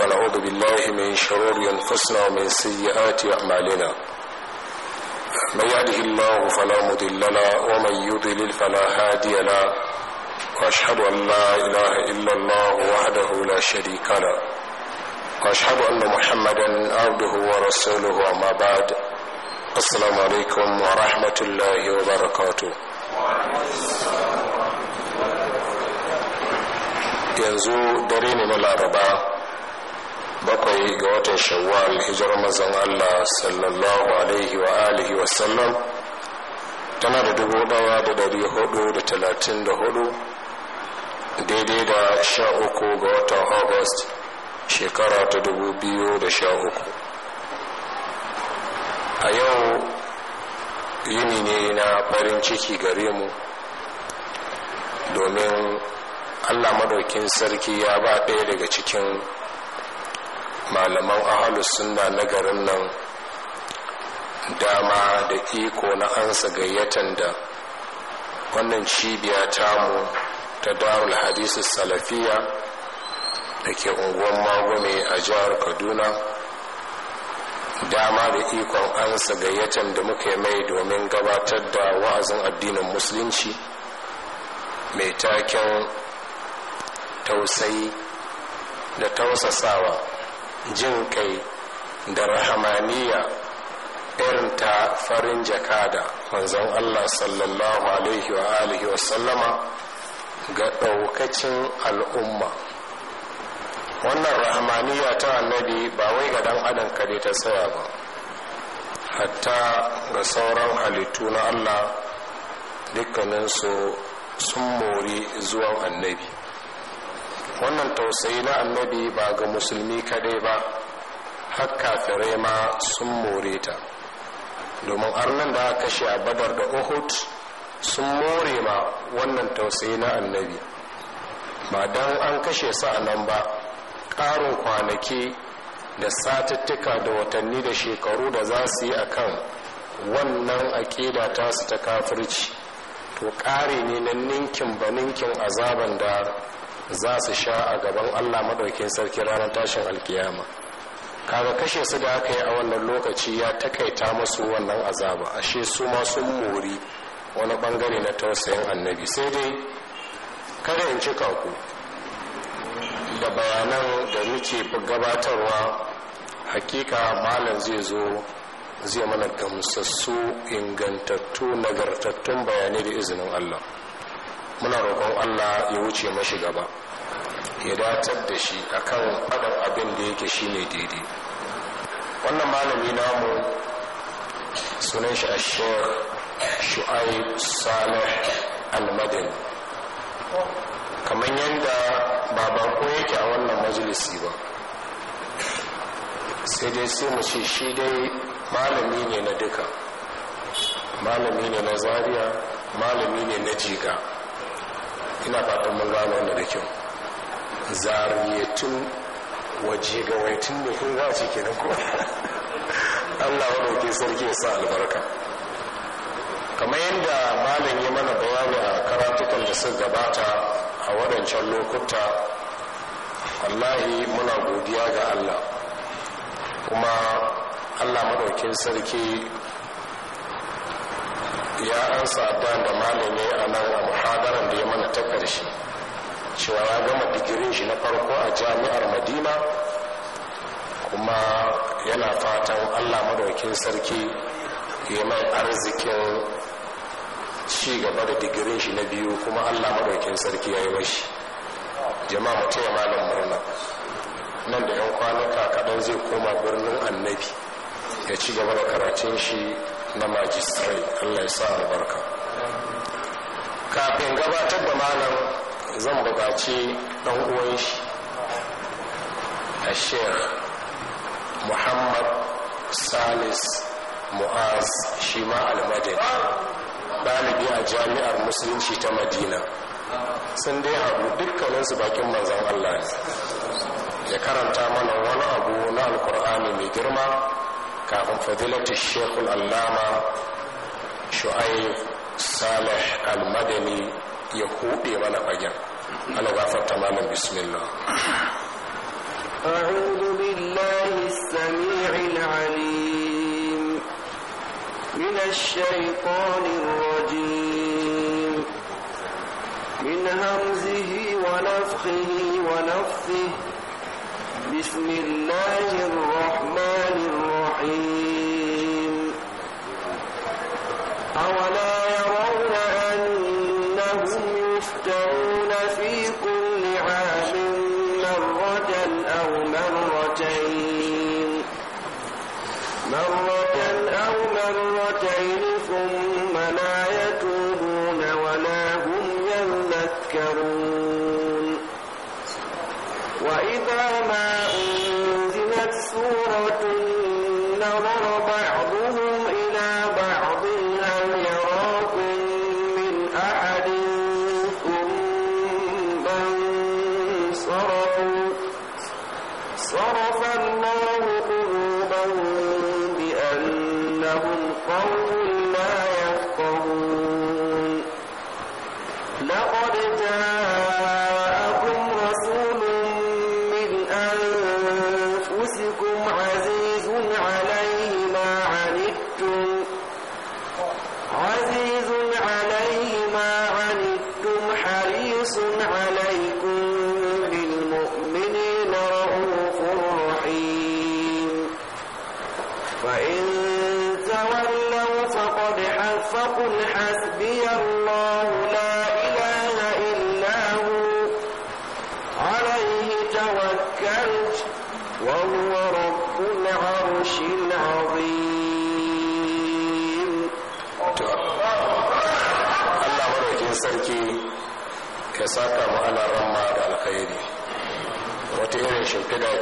ونعوذ بالله من شرور أنفسنا ومن سيئات أعمالنا من يهده الله فلا مضل له ومن يضلل فلا هادي له وأشهد أن لا إله إلا الله وحده لا شريك له وأشهد أن محمدا عبده ورسوله أما بعد السلام عليكم ورحمة الله وبركاته yanzu dare ne na laraba bakwai ga watan shawwal hijirar mazan allah sallallahu alaihi wa alihi wasallam tana da dubu daya da dari hudu da talatin da hudu daidai da sha uku ga watan august shekara ta dubu biyu da sha uku a yau yini ne na farin ciki gare mu domin allah madaukin sarki ya ba ɗaya daga cikin malaman ahalus sunna na garin nan dama da iko na ansa gayyatan da wannan cibiya tamu ta darul hadisu salafiya da ke unguwar magwame a jihar kaduna dama da ikon ansa gayyatan da muka mai domin gabatar da wa'azin addinin musulunci mai taken tausayi da tausasawa jin kai da rahamaniya irin ta farin jakada manzon allah sallallahu alaihi wa alihi wa sallama ga ɗaukacin al'umma wannan rahamaniya ta annabi ba wai ga ɗan adam kare ta tsaya ba hatta ga sauran halittu na allah dukkaninsu sun mori zuwan annabi wannan tausayi na annabi ba ga musulmi kadai ba har kafirai ma sun more ta domin arnan da aka kashe a badar da uhud sun more ma wannan tausayi na annabi ba don an kashe su a nan ba ƙarin kwanaki da satuttuka da watanni da shekaru da za su yi a kan wannan aƙida tasu ta kafirci to ƙari ne na ninkin ba ninkin azaban da za su sha a gaban allah maɗaukin sarki ranar tashin alkiyama kaga kashe su da aka yi a wannan lokaci ya takaita masu wannan azaba ashe su ma sun mori wani bangare na tausayin annabi sai dai kada in cika ku da bayanan da muke gabatarwa hakika malam zai zo zai mana gamsassu ingantattu nagartattun bayanai da izinin allah muna roƙon allah ya wuce mashi gaba ya datar da shi a kan faɗin abin da yake shi ne daidai wannan malami namu sunan shi a shu'aib salih almadani kamar yadda baban ko yake a wannan majalisi ba sai dai sai mu ce shi dai malami ne na duka malami ne na zaria malami ne na jiga ina fatan mun gano wanda da kyau zariyatun waje gawaitun da kun za a nan kuma allah allah maɗauki sarki ya sa albarka kamar yadda malam ya mana bayani a karatukan da sun gabata a waɗancan lokuta wallahi muna godiya ga allah kuma allah maɗaukin sarki ya ansa da malamai a nan a muhadaran da ya mana ta ƙarshe cewa ya gama digirin shi na farko a jami'ar madina kuma yana fatan allah madaukin sarki ya mai arzikin ci gaba da digirin shi na biyu kuma allah madaukin sarki ya yi mashi jama'a mutum ya malam murna nan da 'yan kwanuka kaɗan zai koma birnin annabi ya ci gaba da karatun shi na majistrai allah ya sa albarka kafin gabatar da malam zan buƙaci ɗan uwan shi a sheikh muhammad salis mu'az shi ma almadani ɗalibi a jami'ar musulunci ta madina sun dai haɗu dukkaninsu bakin manzan allah ne ya karanta mana wani abu na alkur'ani mai girma kafin fadilatu shekul allama shu'aib salih almadani ya koɗe mana fagen ana gafarta malam bismillah أعوذ بالله السميع العليم من الشيطان الرجيم من همزه ونفخه ونفثه بسم الله الرحمن الرحيم أولا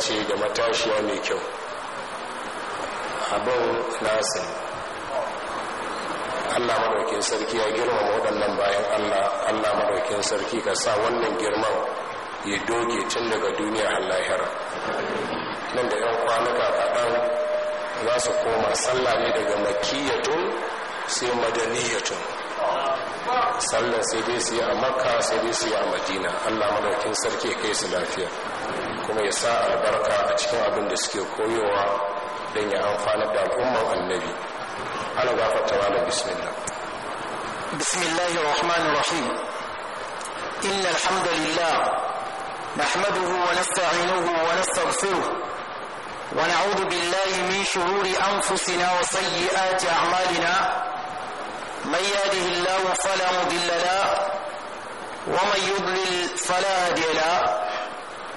ce da matashiya mai kyau abin nasin allah maɗaukin sarki ya girmama waɗannan bayan allah allah sarki ka sa wannan girman ya doge tun daga duniya lahira nan da yan kwanuka kaɗan za su koma sallah ne daga makiyatun sai madaniyatun sallar sai dai su yi a makka sai dai su yi a madina allah maɗaukin sarki ya kai su lafiya kuma ya sa albarka a cikin abin da suke koyowa don ya amfana da al'umman annabi ana gafarta malam bismillah bismillahir rahmanir rahim innal wa nasta'inuhu wa nastaghfiruh ونعوذ بالله من شرور أنفسنا وسيئات أعمالنا من يهده الله فلا مضل له ومن يضلل فلا هادي له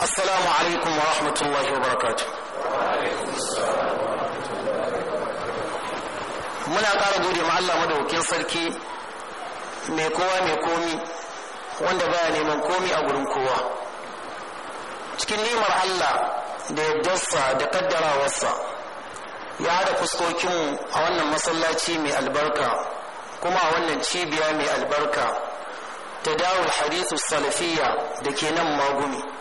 assalamu alaikum wa rahmatullahi wa barakatu muna ƙara gode ma Allah madaukin sarki mai kowa mai komi wanda baya neman komi a gurin kowa cikin nemar Allah da yaddarsa da kaddarawarsa ya haɗa fuskokin a wannan masallaci mai albarka kuma a wannan cibiya mai albarka ta dawo hadisu salafiyya da ke nan magumi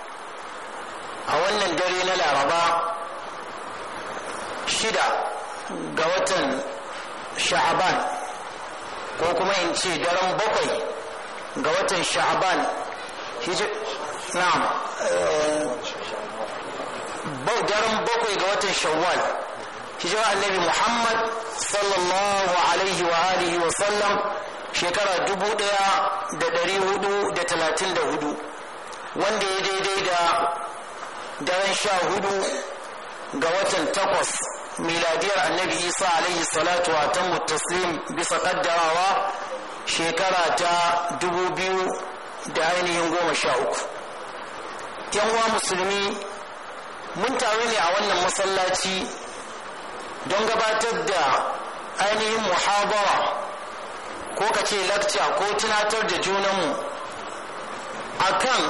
a wannan dare na laraba shida ga watan sha'aban ko kuma in ce daren bakwai ga watan sha'aban na'am eh, daren bakwai ga watan shawwal hijira annabi muhammad sallallahu alaihi wa alihi wa sallam shekara dubu daya da dari hudu da talatin da hudu wanda ya daidai da daren sha hudu ga watan takwas miladiyar annabi isa alaihi salatu wa ta mutaslim bisa kaddarawa shekara ta dubu biyu da ainihin goma sha uku Yanwa musulmi mun taru ne a wannan masallaci don gabatar da ainihin muhabara ko ka ce lakca ko tunatar da junanmu a kan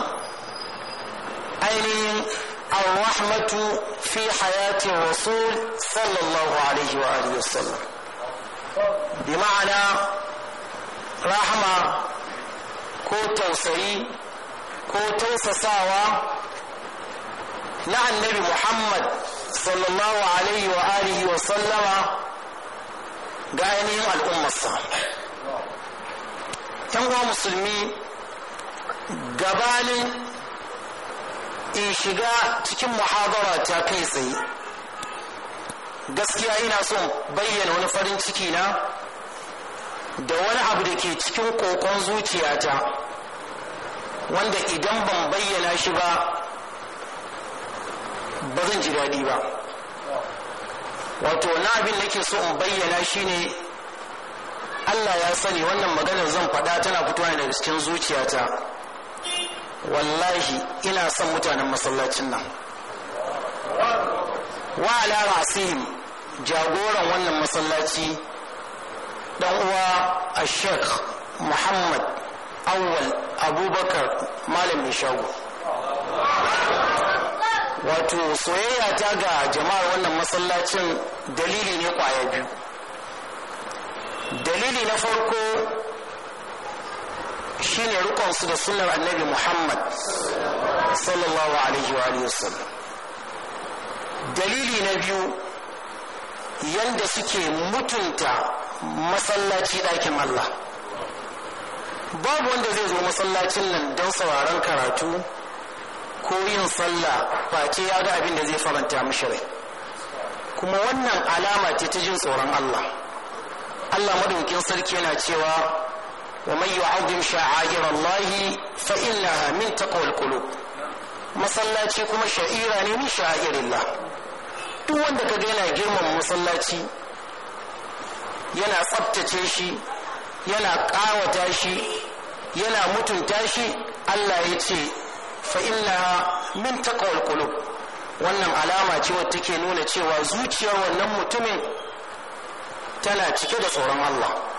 ainihin الرحمة في حياة الرسول صلى الله عليه وآله وسلم بمعنى رحمة كو توسعي كو توسساوة نعم النبي محمد صلى الله عليه وآله وسلم قائنهم الأمة الصالحة تنوى مسلمين قبالي in shiga cikin muhadara ta kai tsaye gaskiya ina son bayyana wani farin ciki na da wani abu da ke cikin kokon zuciyata wanda idan ban bayyana shi ba ba zan ji daɗi ba wato na abin da ke so in bayyana shi ne allah ya sani wannan maganar zan faɗa tana fitowa daga cikin zuciyata wallahi ina son mutanen masallacin nan wa ala jagoran wannan masallaci dan uwa a sheikh muhammad awwal abubakar malamin shago wato soyayya ta ga jama'ar wannan masallacin dalili ne kwaya biyu dalili na farko shine su da sunnar annabi muhammad sallallahu alaihi wa alihi dalili na biyu yanda suke mutunta masallaci ɗakin allah babu wanda zai zo masallacin nan don sauraron karatu ko yin sallah face ya ga abin da zai faranta mishi rai kuma wannan alama ce ta jin tsoron allah allah madaukin sarki yana cewa ومن يعظم شعائر الله فإنها من تقوى القلوب masallaci kuma sha'ira ne min sha'irillah duk wanda ka yana girman masallaci yana tsabtace shi yana ƙawata shi yana mutunta shi Allah ya ce fa min taqwal qulub wannan alama ce take nuna cewa zuciyar wannan mutumin tana cike da tsoron Allah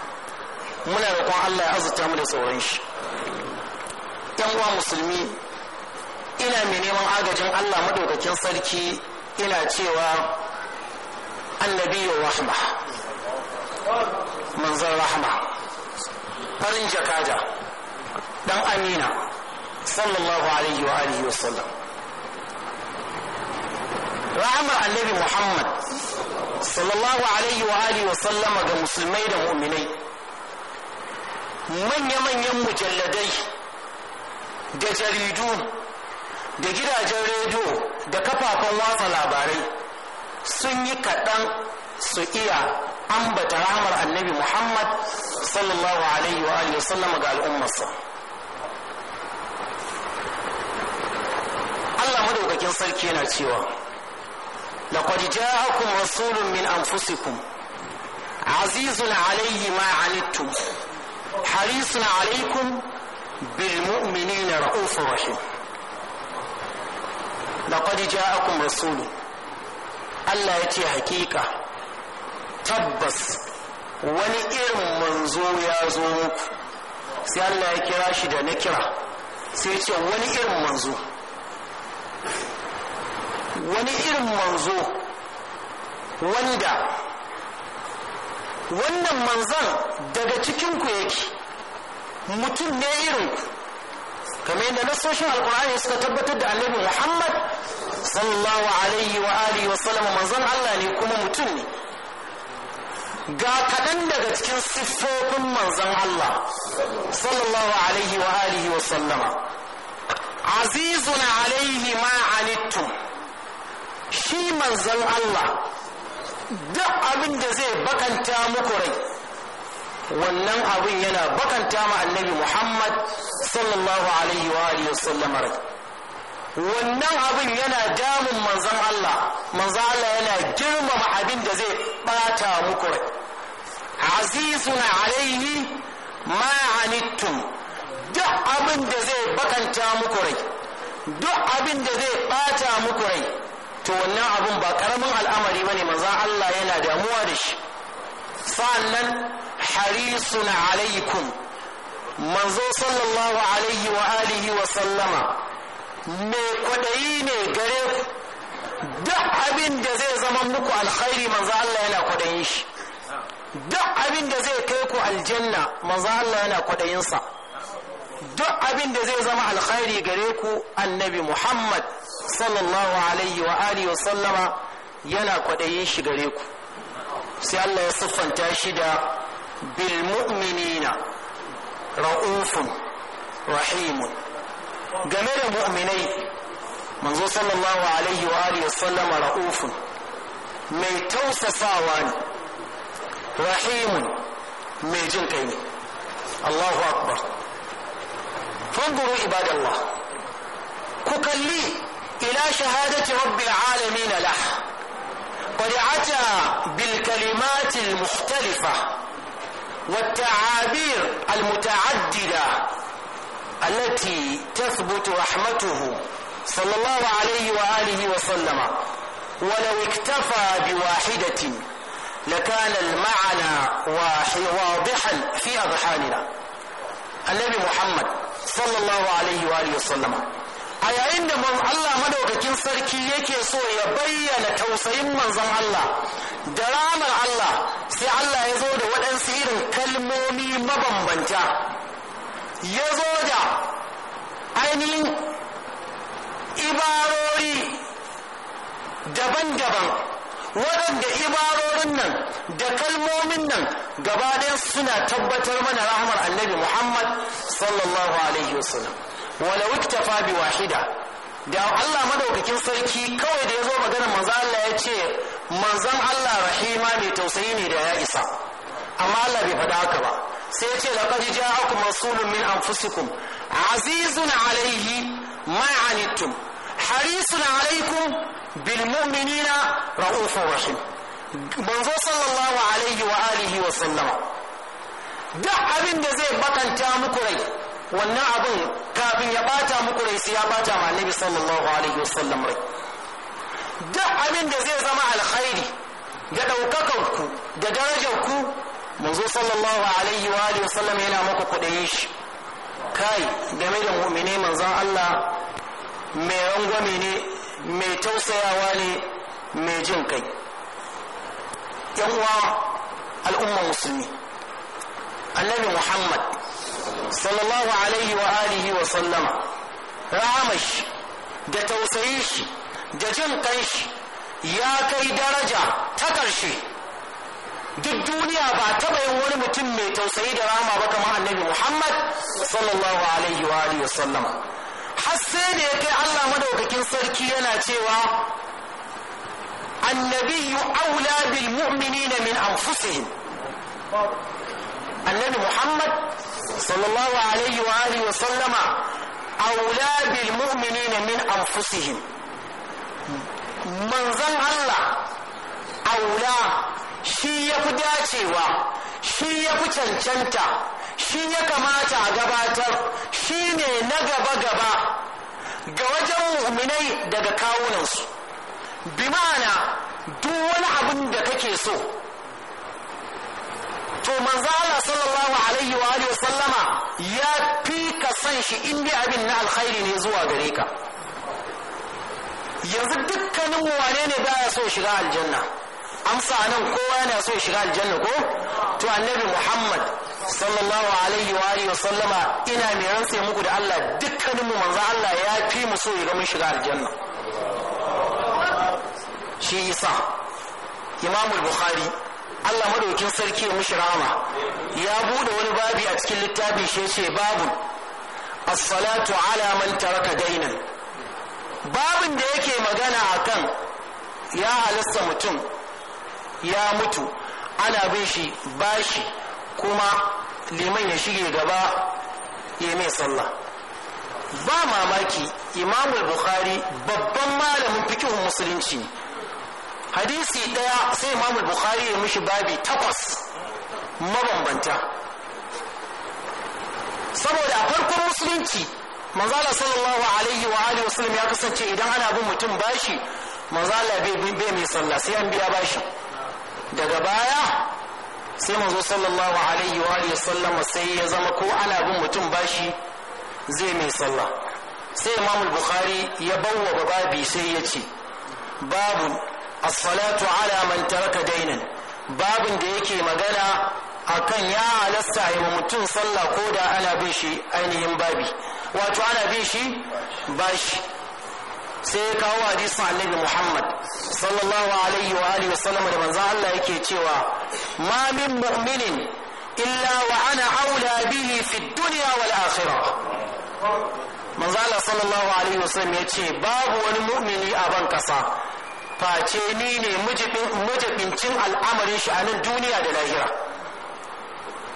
muna roƙon Allah ya azurta mu da tsoron shi yan uwa musulmi ina mai neman agajin Allah madaukakin sarki ina cewa annabi wa rahma manzon rahma farin jakada dan amina sallallahu alaihi wa alihi wa sallam rahamar annabi muhammad sallallahu alaihi wa alihi wa sallama ga musulmai da mu'minai manya-manyan mujalladai da jaridu da gidajen rediyo da kafafen watsa labarai sun yi kaɗan su iya ambata rahmar annabi muhammad sallallahu alaihi wa alihi sallama ga al'ummarsa allah madaukakin sarki yana cewa laqad ja'akum rasulun min anfusikum azizun alaihi ma anittum harisun alaikum bil mu'minina ra'ufur rahim laqad ja'akum rasulun Allah ya ce hakika tabbas wani irin manzo ya zo muku sai Allah ya kira shi da na kira sai ce wani irin manzo wani irin manzo wanda wannan manzan daga cikinku yake mutum ne irin. kamar yadda nasoshin alkur'ani suka tabbatar da annabi muhammad sallallahu alaihi wa alihi wa sallam manzan allah ne kuma mutum ne ga kaɗan daga cikin siffofin manzan allah sallallahu alaihi wa alihi wa sallama azizun alaihi ma anittum shi manzan allah duk abin da zai bakanta muku rai wannan abin yana bakanta ma annabi muhammad sallallahu alaihi wa alihi wasallam rai wannan abin yana damun manzon Allah manzon Allah yana girmama abin da zai bata muku rai azizun alaihi ma anittum duk abin da zai bakanta muku rai duk abin da zai bata muku rai to wannan abun ba karamin al'amari bane manzon Allah yana damuwa da shi sa'annan harisun alaikum manzo sallallahu alaihi wa alihi wa sallama me kwadayi ne gare ku duk abin da zai zama muku alkhairi manzo Allah yana kwadayin shi duk abin da zai kai ku aljanna manzo Allah yana kwadayinsa sa duk abin da zai zama alkhairi gare ku annabi muhammad sallallahu alaihi wa alihi wa sallama yana kwaɗayin shi gare ku sai allah ya siffanta shi da bil ra'ufun rahimun game da mu'minai manzo sallallahu alaihi wa alihi wa sallama ra'ufun mai tausasawa ne rahimun mai jin kai ne allahu akbar فانظروا عباد الله ككلي إلى شهادة رب العالمين له قد عتى بالكلمات المختلفة والتعابير المتعددة التي تثبت رحمته صلى الله عليه وآله وسلم ولو اكتفى بواحدة لكان المعنى واضحا في أذهاننا النبي محمد sallallahu alaihi wa sallama a yayin da Allah madaukakin sarki yake so ya bayyana tausayin manzon Allah da ramar Allah sai Allah ya zo da waɗansu irin kalmomi mabambanta ya zo da ainihin ibarori daban-daban waɗanda ibarorin nan da kalmomin nan gaba ɗaya suna tabbatar mana rahmar annabi muhammad sallallahu alaihi wasallam wala wiktafa bi wahida da allah madaukakin sarki kawai da ya zo magana manzo allah ya ce manzon allah rahima mai tausayi ne da ya isa amma allah bai faɗa haka ba sai ya ce laqad ja'akum rasulun min anfusikum azizun alaihi ma'anitum harisun alaikum bil mu'minina ra'ufur rahim manzo sallallahu alaihi wa alihi wa sallama duk abin da zai bakanta muku rai wannan abin kafin ya bata muku rai sai ya bata ma annabi sallallahu alaihi wa sallam rai duk abin da zai zama alkhairi da daukakar ku da darajar ku manzo sallallahu alaihi wa alihi wa sallam yana muku kudayin shi kai game da mu'mine manzon Allah mai rangwame ne mai tausayawa ne mai jin kai yan uwa al'umma musulmi annabi muhammad sallallahu alaihi wa alihi wa sallama ramashi shi da tausayi shi da jin kan shi ya kai daraja ta ƙarshe duk duniya ba taɓa yin wani mutum mai tausayi da rama ba kamar annabi muhammad sallallahu alaihi wa alihi wa sallama har sai da ya kai Allah madaukakin sarki yana cewa annabi aula bil na min anfusihim annabi Muhammad sallallahu alaihi wa alihi wa sallama aula bil na min anfusihim manzan Allah aula shi ya fi dacewa shi ya fi cancanta shi ya kamata a gabatar shi ne na gaba-gaba ga wajen mu'minai daga kawunansu bi ma'ana duk wani abin da kake so to manzo Allah sallallahu alaihi wa alihi sallama ya fi ka san shi inda abin na alkhairi ne zuwa gare ka yanzu dukkanin wane ne baya so shiga aljanna amsa nan kowa yana so shiga aljanna ko to annabi muhammad sallallahu alaihi wa alihi sallama ina mai rantsa muku da Allah dukkanin mu manzo Allah ya fi mu so ya ga mun shiga aljanna shi isa imamu Bukhari Allah madaukin sarki ya mushi rahama ya bude wani babi a cikin littafin shi yace babu as-salatu ala man taraka dainan babin da yake magana akan ya halasta mutum ya mutu ana bin shi bashi kuma liman ya shige gaba ya mai sallah ba mamaki imamul bukhari babban malamin fikihun musulunci hadisi daya sai imamul bukhari ya mishi babi takwas mabambanta saboda a farkon musulunci manzala sallallahu alaihi wa alihi wasallam ya kasance idan ana bin mutum bashi manzala bai mai sallah sai an biya bashi daga baya sai manzo sallallahu alaihi wa alihi sai ya zama ko ana bin mutum bashi zai mai sallah sai imamu bukhari ya bawwa babi sai ya ce babu as-salatu ala man taraka dainan babin da yake magana akan ya halasta ya mutum sallah ko da ana bin shi ainihin babi wato ana bin shi bashi sai ya kawo hadisin annabi Muhammad sallallahu alaihi wa alihi wasallam da manzo Allah yake cewa ma min mu'minin illa wa ana aula bihi fi dunya wal akhirah manzo Allah sallallahu alaihi wasallam ya ce babu wani mu'mini a ban kasa face ni ne mujabincin al'amarin shi a nan duniya da lahira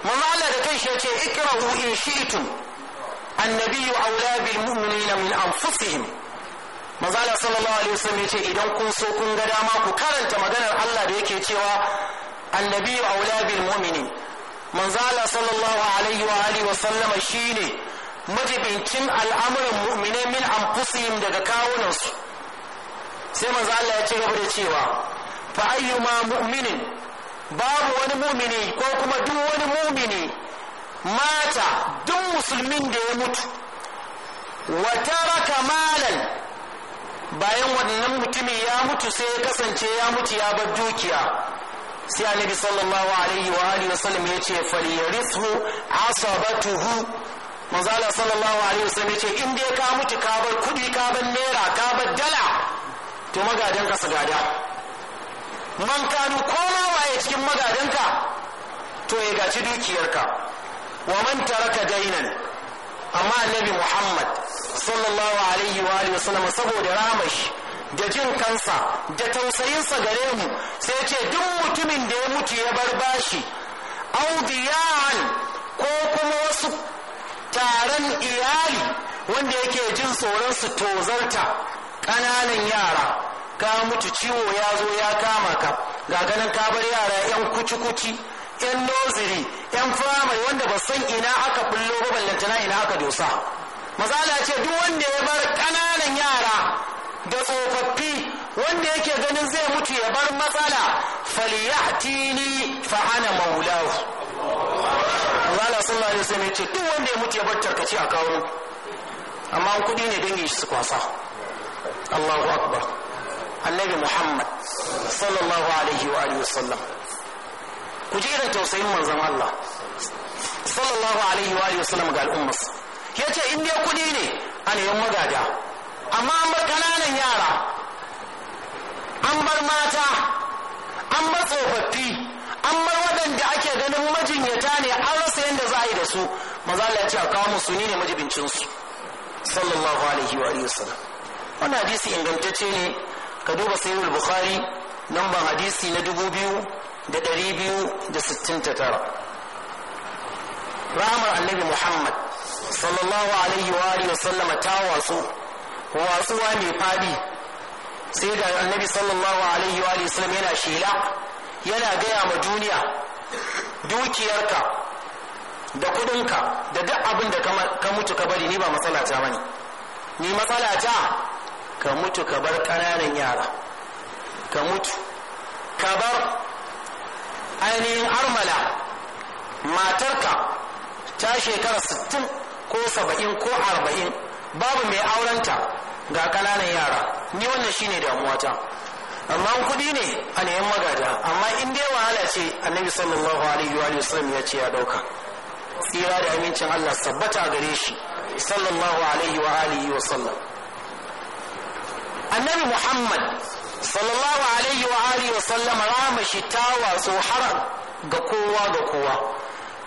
manzo Allah da kanshi ya ce ikrahu in shi'tum النبي أولى بالمؤمنين من أنفسهم manzala sallallahu alaihi wasallam yace idan kun so kun ga dama ku karanta maganar Allah da yake cewa annabi aula bil mu'minin manzala sallallahu alaihi wa alihi wasallam shine majibincin al'amuran mu'mine min anfusihim daga kawunansu sai manzo Allah ya ci gaba da cewa fa ayyuma mu'minin babu wani mu'mini ko kuma duk wani mu'mini mata duk musulmin da ya mutu wa taraka malan bayan wannan mutumin ya mutu sai ya kasance ya mutu ya bar dukiya sai annabi sallallahu alaihi wa alihi wa sallam ya ce falyarithu asabatuhu manzala sallallahu alaihi wa sallam ya ce in dai ka mutu ka bar kudi ka bar naira ka bar dala to magadan ka su gada man kanu koma waye cikin magadanka to ya gaci dukiyarka wa man taraka dainan amma annabi muhammad sallallahu alaihi wa alihi wasallam saboda ramashi da jin kansa da tausayinsa gare mu sai ce duk mutumin da ya mutu ya bar bashi audiyan ko kuma wasu taron iyali wanda yake jin tsoron su tozarta ƙananan yara ka mutu ciwo ya zo ya kama ka ga ganin ka bar yara 'yan kuci-kuci yan noziri yan firamare wanda ba san ina aka bullo ba ballantana ina aka dosa misala ce duk wanda ya bar ƙananan yara da tsofaffi wanda yake ganin zai mutu ya bar matsala falyahtini fa ana maulahu Allah sallallahu alaihi wasallam yace duk wanda ya mutu ya bar tarkaci a kawo amma kuɗi ne dangin shi su kwasa Allahu akbar annabi Muhammad sallallahu alaihi wa alihi wasallam ku je da tausayin manzon Allah sallallahu alaihi wa sallam ga al'ummas ya ce in dai kuɗi ne a neman magada amma an bar kananan yara an bar mata an bar tsofaffi an bar waɗanda ake ganin majinyata ne an rasa yadda za a yi da su maza ya ce a kawo musu ni ne majibincinsu sallallahu alaihi wa sallam wannan hadisi ingantacce ne ka duba sayyidul bukhari nan ban hadisi na dubu biyu da ɗari biyu da sittin da tara Ramar annabi muhammad sallallahu alaihi wa wa sallama ta Wasu wa mai fadi sai da annabi sallallahu alaihi wa sallam yana shela yana gaya ma duniya dukiyarka da kudinka da duk abin da ka mutu ka bari ni ba matsala ta bane ni matsala ta ka mutu ka bar ƙananan yara ka mutu ka bar ainihin armala matarka ta shekara sittin ko saba'in ko arba'in babu mai aurenta ga kananan yara ni wannan shine damuwata amma kuɗi ne a neman magada amma in dai wahala ce annabi sallallahu alaihi wa sallam ya ce ya ɗauka tsira da amincin allah sabbata gare shi sallallahu alaihi wa alihi wa sallam annabi muhammad sallallahu alaihi wa alihi wa sallam rama shi ta wasu har ga kowa ga kowa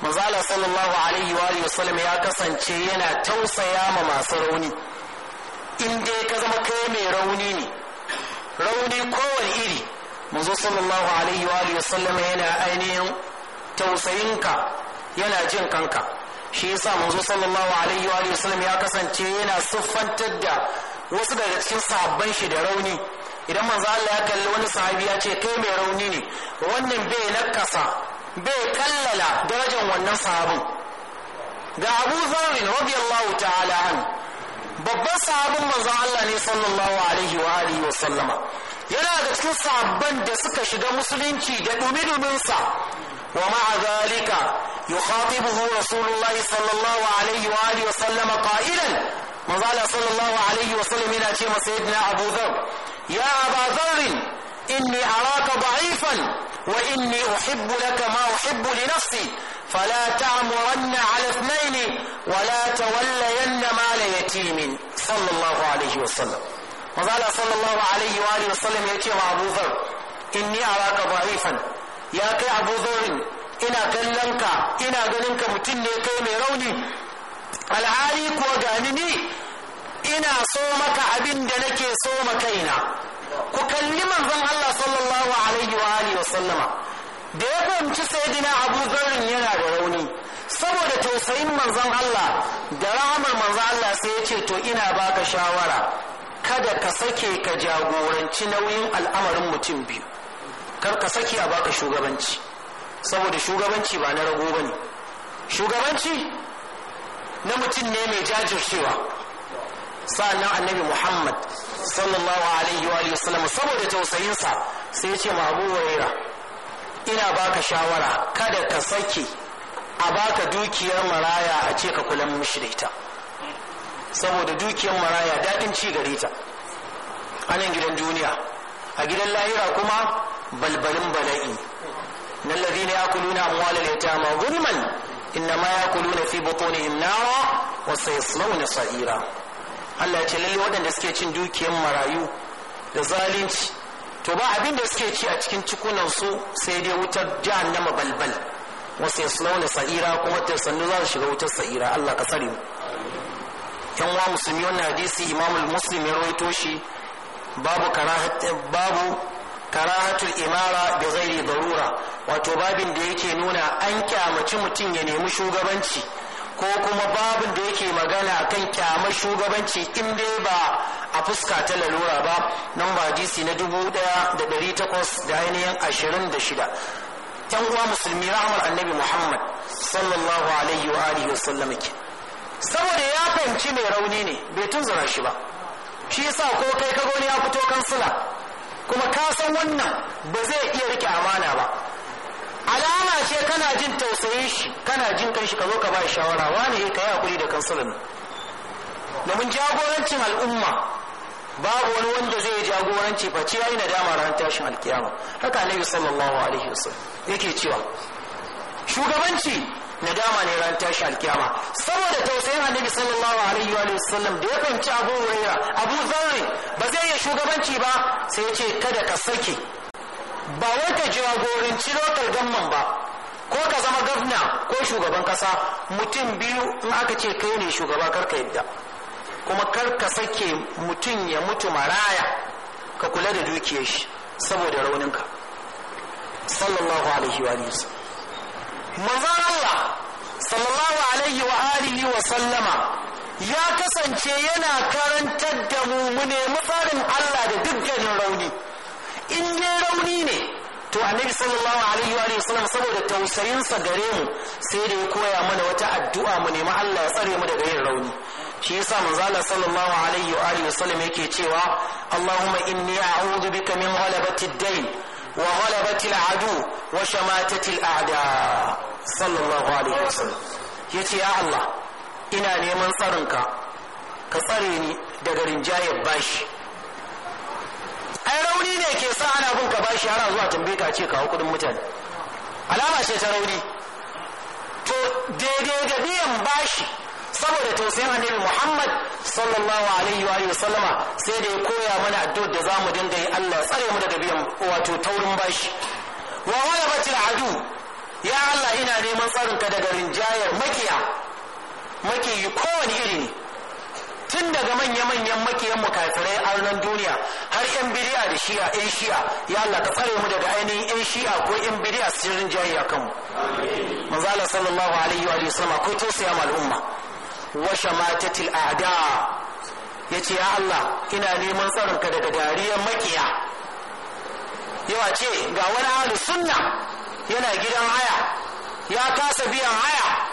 manzala sallallahu alaihi wa alihi wa sallam ya kasance yana tausaya ma masu rauni in dai ka zama kai mai rauni ne rauni kowane iri manzo sallallahu alaihi wa alihi wa sallam yana ainihin tausayinka yana jin kanka shi yasa manzo sallallahu alaihi wa alihi wa sallam ya kasance yana siffantar da wasu daga cikin sabon shi da rauni idan manzo Allah ya kalli wani sahabi ya ce kai mai rauni ne wannan bai nakasa bai kallala darajar wannan sahabin ga Abu Dharr radiyallahu ta'ala an babban sahabin manzo Allah ne sallallahu alaihi wa alihi wa sallama yana da cikin sahabban da suka shiga musulunci da dumi-dumin sa wa ma'a zalika yukhatibuhu rasulullahi sallallahu alaihi wa alihi wa sallama qa'ilan manzo Allah sallallahu alaihi wa sallam yana ce masa sayyidina Abu Dharr ya aba zarrin inni araka da'ifan wa inni uhibbu laka ma uhibbu li nafsi fala ta'muranna ala ithnaini wa la tawallayanna mala yatimin sallallahu alaihi wa sallam manzo sallallahu alaihi wa alihi wa sallam yace wa Abu Dharr inni araka da'ifan ya kai Abu Dharr ina kallon ka ina ganin ka mutum ne kai mai rauni alhali kuwa gani ni ina so maka abin da nake so ma kaina ku kalli manzon Allah sallallahu alaihi wa alihi wa sallama da ya fahimci sayyidina Abu Zarrin yana da rauni saboda tausayin manzon Allah da rahamar manzon Allah sai ya ce to ina baka shawara kada ka sake ka jagoranci nauyin al'amarin mutum biyu kar ka sake a baka shugabanci saboda shugabanci ba na rago bane shugabanci na mutum ne mai jajircewa sa'annan annabi muhammad sallallahu alaihi wa sallam saboda tausayinsa sai ya ce ma abu waira ina baka shawara kada ka sake a baka dukiyar maraya a ce ka kulan mishi da saboda dukiyar maraya daɗin ci gare ta a nan gidan duniya a gidan lahira kuma balbalin bala'i na ne ya na amwalar yatama gulman ma ya kulu na fi butunihim nawa wasu wani sa'ira Allah ce lalle waɗanda suke cin dukiyar marayu da zalunci to ba abin da suke ci a cikin cikunan su sai dai wutar jahannama balbal wasu ya suna sa'ira kuma ta sannu za su shiga wutar sa'ira Allah ka tsare mu yan wa musulmi wannan hadisi imamul muslim ya rawaito shi babu babu karahatul imara da ghairi darura wato babin da yake nuna an kyamaci mutum ya nemi shugabanci ko kuma babin da yake magana kan kyamar shugabanci in dai ba a fuska ta lalura ba nan ba na dubu ɗaya da ɗari takwas da ashirin da shida yan uwa musulmi rahmar annabi muhammad sallallahu alaihi wa alihi wasallam ke saboda ya fahimci mai rauni ne bai tunzura shi ba shi yasa ko kai ka gani ya fito kansila kuma ka san wannan ba zai iya rike amana ba alama ce kana jin tausayin shi kana jin kanshi ka zo ka ba shawara wani eh, ka yi hakuri da kansulan domin jagorancin al'umma babu wani wanda zai jagoranci ba face yayi nadama ran tashin alkiyama haka annabi sallallahu alaihi wasallam yake cewa shugabanci nadama ne ran tashin alkiyama saboda tausayin annabi sallallahu alaihi wa sallam da ya fahimci abu huraira abu zarri ba zai iya shugabanci ba sai ya ce kada ka sake ba wai ka jagoranci lokal gamman ba ko ka zama gwamna ko shugaban kasa mutum biyu in aka ce kai ne shugaba karka yadda kuma karka sake mutum ya mutu maraya ka kula da dukiyar shi saboda rauninka sallallahu alaihi wa manzo Allah sallallahu alaihi wa alihi wa sallama ya kasance yana karantar da mu mu nemi farin Allah da dukkanin rauni in yi rauni ne to annabi sallallahu alaihi wa sallam saboda tausayinsa gare mu sai da ya koya mana wata addu'a mu nemi Allah ya tsare mu daga yin rauni shi yasa manzo Allah sallallahu alaihi wa alihi wasallam yake cewa Allahumma inni a'udhu bika min ghalabati ad-dayn wa ghalabati al-adu wa shamatati al-a'da sallallahu alaihi wasallam yace ya Allah ina neman tsarinka ka tsare ni daga rinjayar bashi ai rauni ne ke sa ana bin ka bashi har zuwa tambaye ka ce kawo kudin mutane alama ce ta rauni to daidai da biyan bashi saboda tausayin annabi Muhammad sallallahu alaihi wa sallama sai da ya koya mana addua da zamu dinga yi Allah tsare mu daga biyan wato taurin bashi wa batil adu ya Allah ina neman tsarin ka daga rinjayar makiya makiyi kowane iri ne tun daga manya-manyan makiyan mu kafirai a nan duniya har yan bidiya da shi'a yan shi'a ya Allah ka tsare mu daga ainihin yan shi'a ko yan bidiya sirrin ya a kanmu manzo Allah sallallahu alaihi wa sallama ko tausaya ma al'umma wa shamatatil a'da yace ya Allah ina neman tsaron ka daga dariyar makiya yawa ce ga wani ahli sunna yana gidan haya ya kasa biyan haya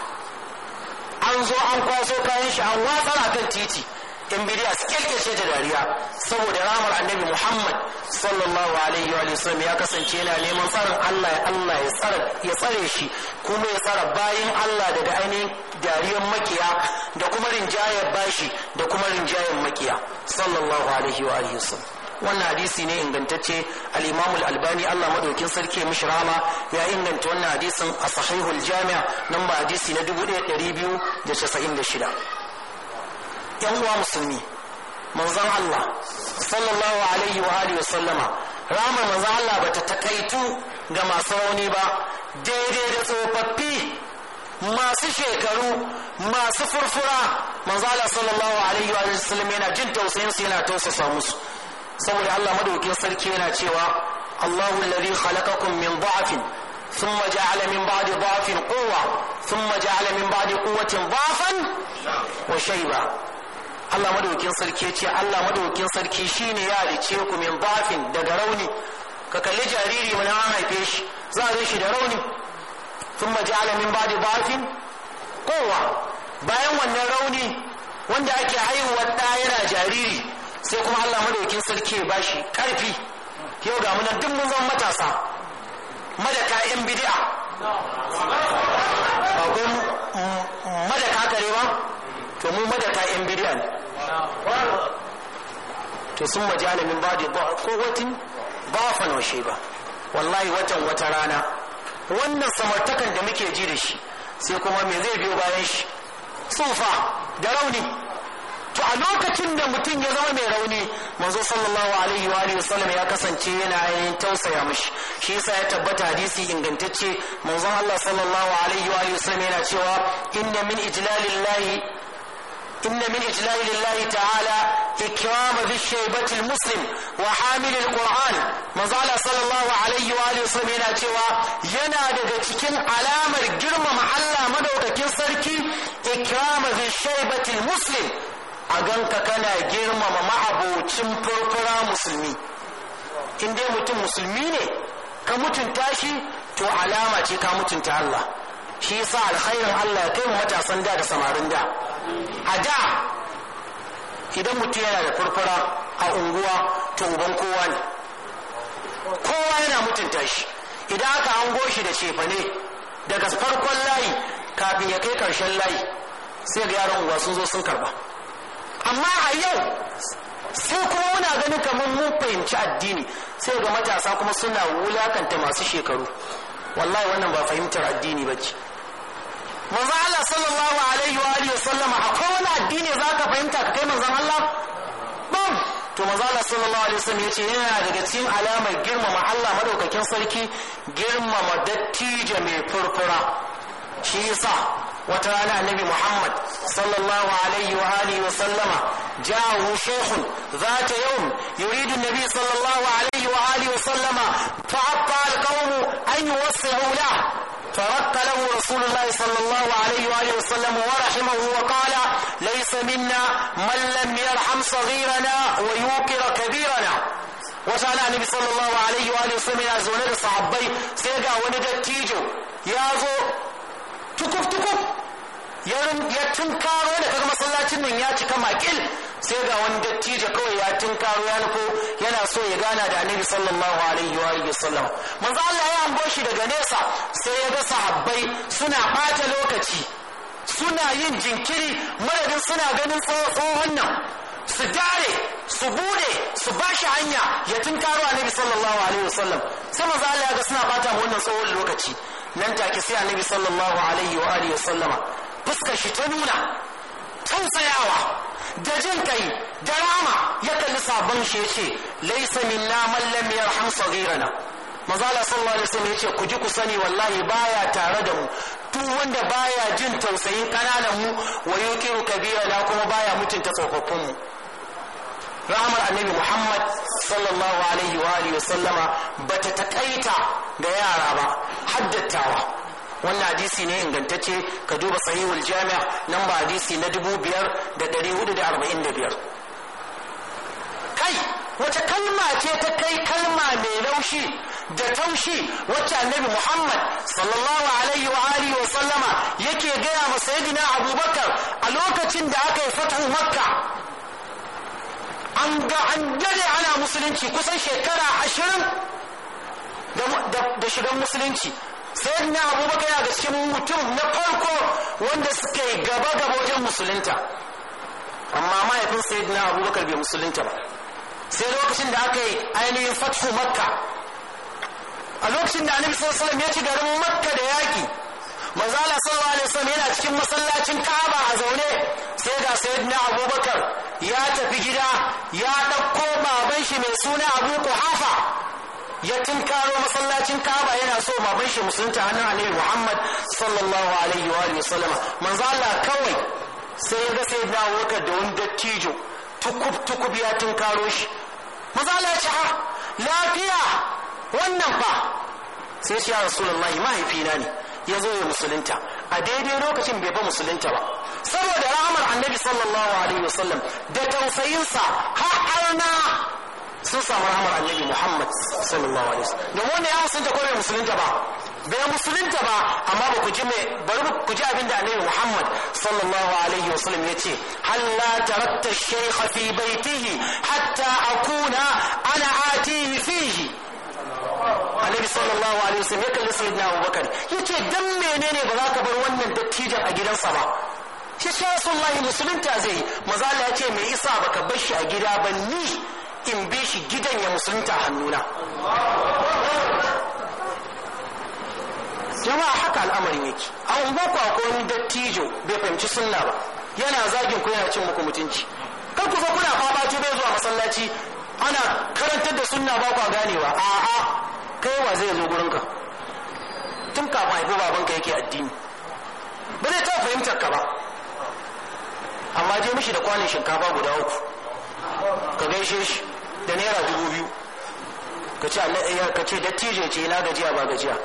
an zo an kwaso kayan shi an watsar a kan titi in bidiya su kirkirce da dariya saboda ramar annabi muhammad sallallahu alaihi wa sallam ya kasance yana neman tsarin allah ya allah ya tsare ya tsare shi kuma ya tsara bayan allah daga ainihin dariyar makiya da kuma rinjayar bashi da kuma rinjayar makiya sallallahu alaihi wa sallam wannan hadisi ne ingantacce al-imam al-albani Allah madaukin sarki ya mishi rama ya inganta wannan hadisin a sahihul jami'a nan ba hadisi na 1296 yan uwa musulmi manzon Allah sallallahu alaihi wa alihi sallama rama manzon Allah bata takaitu ga masu rauni ba daidai da tsofaffi masu shekaru masu furfura manzo Allah sallallahu alaihi wa sallam yana jin tausayin su yana tausasa musu saboda Allah madaukin sarki yana cewa Allahu alladhi khalaqakum min dha'fin thumma ja'ala min ba'di dha'fin quwwa thumma ja'ala min ba'di quwwatin dha'fan wa shayba Allah madaukin sarki ce Allah madaukin sarki shine ya halice ku min dha'fin daga rauni ka kalli jariri wani an haife shi za a shi da rauni thumma ja'ala min ba'di dha'fin quwwa bayan wannan rauni wanda ake haihuwar ɗa yana jariri sai kuma Allah madaukin sarki ya bashi karfi yau ga munan duk mun zama matasa madaka yan bid'a ba kun madaka kare ba to mu madaka yan bid'a ne to sun majala min ba'di ba fa wa ba. wallahi watan wata rana wannan samartakan da muke ji da shi sai kuma me zai biyo bayan shi tsufa da rauni to a lokacin da mutum ya zama mai rauni manzo sallallahu alaihi wa alihi wasallam ya kasance yana yin tausaya mishi shi yasa ya tabbata hadisi ingantacce manzo Allah sallallahu alaihi wa alihi wasallam yana cewa inna min ijlalillahi inna min ijlalillahi ta'ala إكرام ذي الشيبة المسلم وحامل القرآن مزال صلى الله عليه وآله وسلم هنا تيوا ينا دتكين علامة جرم محلة مدوكين سركي إكرام ذي الشيبة المسلم a ganka kana girmama ma'abocin furfura musulmi in dai mutum musulmi ne ka mutunta shi to alama ce ka mutunta Allah shi yasa alkhairin Allah kai mu matasan da da samarin da a da idan mutum yana da furfura a unguwa to uban kowa ne kowa yana mutunta shi idan aka hango shi da cefane daga farkon layi kafin ya kai karshen layi sai ga yaran unguwa sun zo sun karba amma a yau sai kuma muna ganin kamar mun fahimci addini sai ga matasa kuma suna wulakanta masu shekaru wallahi wannan ba fahimtar addini ba ce manzo Allah sallallahu alaihi wa alihi wasallam akwai wani addini za ka fahimta ka kai manzon Allah bam to manzo Allah sallallahu alaihi wasallam yace yana daga cikin alamar girmama Allah madaukakin sarki girmama dattijo mai furfura shi yasa wata rana annabi muhammad sallallahu alaihi wa alihi wa sallama ja'ahu shaykhun zata yawm yuridu nabi sallallahu alaihi wa alihi wa sallama fa'atta alqawm an yuwassi'u lahu فرق له رسول الله صلى الله عليه وآله وسلم ورحمه وقال ليس منا من لم يرحم صغيرنا ويوقر كبيرنا wata ala annabi sallallahu alaihi wa sallam ya zaune da sahabbai sai ga wani dattijo ya zo tukuf tukuf ya tunkaro da kaga masallacin nan ya cika makil sai ga wani dattijo kawai ya tunkaro ya nufo yana so ya gana da annabi sallallahu alaihi wa alihi sallam manzo Allah ya ambo shi daga nesa sai ya ga sahabbai suna bata lokaci suna yin jinkiri madadin suna ganin tsohon nan su dare su bude su bashi hanya ya tunkaro annabi sallallahu alaihi sallam sai manzo Allah ya ga suna bata wannan tsohon lokaci nan take sai annabi sallallahu alaihi wa alihi sallama fuskar shi ta nuna tausayawa da jin kai da rama ya kalli sabon shi yace laysa minna man lam yarham saghirana mazala sallallahu alaihi wasallam yace ku ji ku sani wallahi baya tare da mu duk wanda baya jin tausayin kananan mu wa yuqiru kabirana kuma baya mutunta tsofaffin mu rahmar annabi muhammad sallallahu alaihi wa alihi wasallama bata takaita ga yara ba haddattawa wannan hadisi ne ingantacce ka duba sahihul jami'a nan ba hadisi na dubu biyar da ɗari hudu da arba'in da biyar kai wata kalma ce ta kai kalma mai laushi da taushi wacce annabi muhammad sallallahu alaihi wa alihi wa sallama yake gaya wa sayidina abubakar a lokacin da aka yi fatahu makka an ga an dade ana musulunci kusan shekara ashirin da shigan musulunci sai na abubakar yana da cikin mutum na farko wanda suka yi gaba gaba wajen musulunta amma mahaifin na abubakar bai musulunta ba sai lokacin da aka yi ainihin fatfu makka a lokacin da annabi sallallahu alaihi ya ci garin makka da yaki manzo Allah sallallahu alaihi wasallam yana cikin masallacin Ka'aba a zaune sai ga sayyidina Abubakar ya tafi gida ya dauko baban shi mai suna Abu Quhafa ya tunkaro masallacin kaba yana so baban shi musulunta hannun annabi muhammad sallallahu alaihi wa sallama manzo Allah kawai sai ya ga sai da waka da wani dattijo tukub tukub ya tunkaro shi manzo ya ce ha ah, lafiya wannan fa sai shi ya rasulullahi mahaifina ne ya zo ya musulunta a daidai lokacin bai ba musulunta ba saboda rahmar annabi sallallahu alaihi wasallam da tausayinsa har arna sun samu rahmar annabi muhammad sallallahu alaihi wasallam domin wanda ya musulunta ko bai musulunta ba bai musulunta ba amma ba ku ji mai bari ku ji abin da annabi muhammad sallallahu alaihi wasallam ya ce halla tarakta shaykh fi baitihi hatta akuna ana atihi fihi annabi sallallahu alaihi wasallam ya kalli sayyidina abubakar ya ce dan menene ba za ka bar wannan dattijan a gidansa ba shi ce rasulullahi musulunta zai maza Allah ya ce me isa baka bar shi a gida ba ni in bi shi gidan ya musulunta hannuna jama'a haka al'amarin yake a unguwarku akwai dattijo bai fahimci sunna ba yana zagin koya yana cin muku mutunci kar kusa kuna fafaci bai zuwa masallaci ana karantar da sunna ba kwa ganewa a'a kai wa zai zo gurinka tun kafin haifi babanka yake addini ba zai taɓa fahimtar ka ba amma je mishi da kwanin shinkafa guda uku ka gaishe shi da naira dubu biyu ka ce eh, ka ce dattijo ce ina gajiya ba gajiya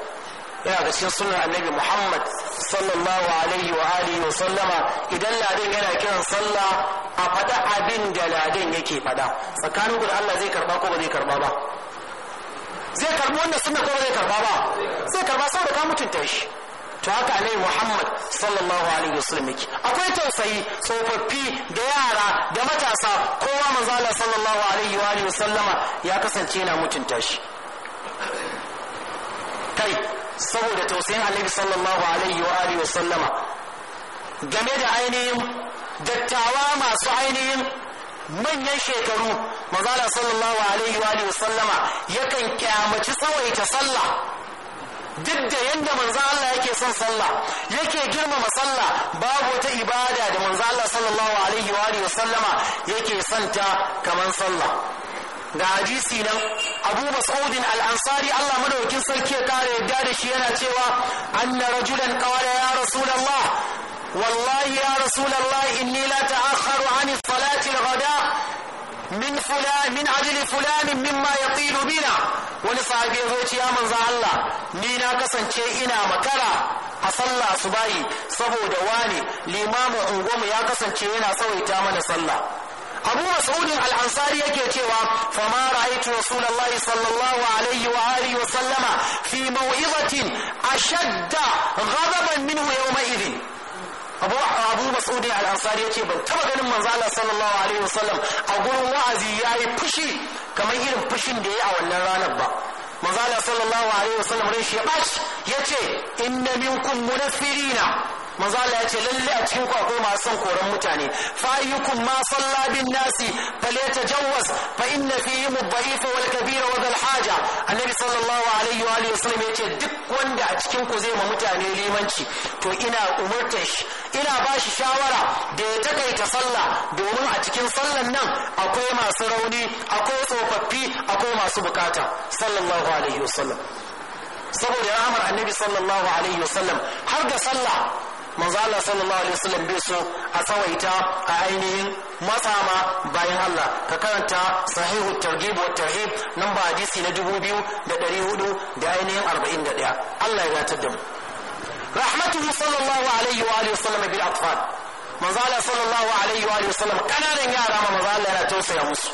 yana da cikin sunan annabi muhammad sallallahu alaihi wa alihi wa sallama idan ladin yana kiran sallah a faɗa abin da ladin yake faɗa tsakanin ku da allah zai karba ko ba zai karba ba zai karbi wannan sunna ko ba zai karba ba zai karba saboda ka mutunta shi to haka alai muhammad sallallahu alaihi wasallam yake akwai tausayi tsofaffi da yara da matasa kowa manzala sallallahu alaihi wa alihi wasallama ya kasance yana mutunta shi kai saboda tausayin alaihi sallallahu alaihi wa alihi wasallama game da ainihin dattawa masu ainihin manyan shekaru manzala sallallahu alaihi wa alihi wasallama yakan kyamaci tsawaita sallah duk da yadda manzan Allah yake son sallah yake girmama sallah babu wata ibada da manzan Allah sallallahu alaihi wa alihi sallama yake santa kamar sallah ga hadisi nan Abu Mas'ud al-Ansari Allah madaukin sarki ya kare yadda da shi yana cewa anna rajulan qala ya rasulullah wallahi ya rasulullah inni la ta'akhkharu 'ani salati al-ghada min fulan min ajli fulanin mimma yaqilu wani sahabi ya ce ya Allah ni na kasance ina makara a sallah su subahi saboda wani limamin unguwarmu ya kasance yana tsawaita mana sallah abu mas'udin al-ansari yake cewa fama ra'aytu rasulullahi sallallahu alaihi wa alihi wa sallama fi maw'izatin ashadda ghadaban minhu yawma idhin abu abu masudi al-ansari yace ban taba ganin manzo Allah sallallahu alaihi wasallam a gurin wa'azi yayi fushi kamar irin fushin da yayi a wannan ranar ba manzo Allah sallallahu alaihi wasallam ran shi ya baci yace inna minkum munafirina manzo Allah ya ce lalle a cikin ku akwai masu son koran mutane fa ayyukum ma salla bin nasi falyatajawwaz fa inna fihi ad wal kabir wa dhal haja annabi sallallahu alaihi wa alihi wasallam ya ce duk wanda a cikin ku zai ma mutane limanci to ina umurtar shi ina ba shi shawara da ya takaita sallah domin a cikin sallan nan akwai masu rauni akwai tsofaffi akwai masu bukata sallallahu alaihi wasallam saboda ya amara annabi sallallahu alaihi wasallam har da sallah manzo Allah sallallahu alaihi wasallam bai so a tsawaita a ainihin matsama bayan Allah ka karanta sahihu targhib wa tarhib nan ba hadisi na 2400 da ainihin 41 Allah ya gata da mu rahmatuhu sallallahu alaihi wa alihi wasallam bil atfal manzo Allah sallallahu alaihi wa alihi wasallam kananan yara ma manzo Allah yana tausaya musu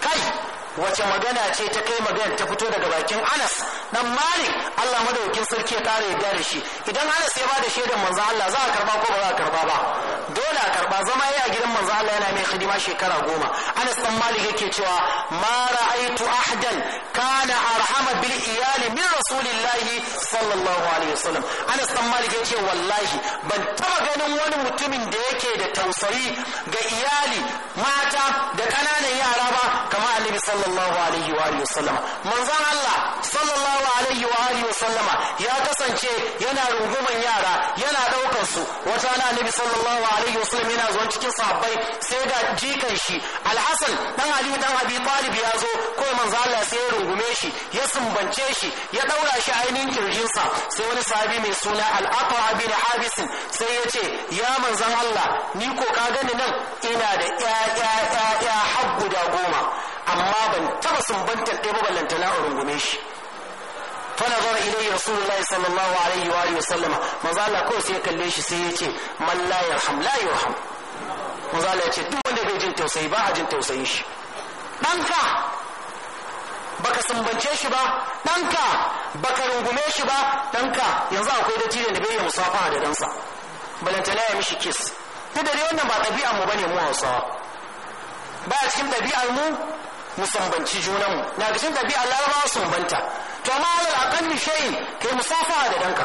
kai wace magana ce ta kai magana ta fito daga bakin anas dan malik allah madaukin sarki ya kare ya da shi idan anas ya ba da shaidan manzo allah za a karba ko ba za a karba ba dole a karba zama ya gidan manzo Allah yana mai hidima shekara goma Anas dan Malik yake cewa ma ra'aitu ahdan kana arhama bil iyali min rasulillahi sallallahu alaihi wasallam Anas dan Malik yake wallahi ban taba ganin wani mutumin da yake da tausayi ga iyali mata da kananan yara ba kama Annabi sallallahu alaihi wa sallama wasallam Allah sallallahu alaihi wa sallama ya kasance yana runguman yara yana daukar su wata na Annabi sallallahu alaihi wasallam yana zuwa cikin sahabbai sai ga jikan shi alhassan dan ali dan abi talib ya zo ko manzo Allah sai ya rungume shi ya sumbance shi ya daura shi ainihin sa sai wani sahabi mai suna al-aqra bin habis sai ya ce ya manzo Allah ni ko ka gani nan ina da ya ya har guda goma amma ban taba sumbantar ɗaya ba ballantana a rungume shi فنظر إليه رسول الله صلى الله عليه وآله وسلم ما زال كو سيك ليش سيتي من لا يرحم لا يرحم ما زال يتي دو wanda bai jin tausayi ba a jin tausayin shi ɗanka baka sumbance shi ba ɗanka baka rungume shi ba ɗanka yanzu akwai da da bai yi musafa da dansa. balantana ya mishi kis duk da wannan ba ɗabi'ar mu bane mu hausawa ba cikin ɗabi'ar mu mu sumbanci mu, na cikin ɗabi'ar larabawa sumbanta to ma alal akalli shayin ke musafaha da danka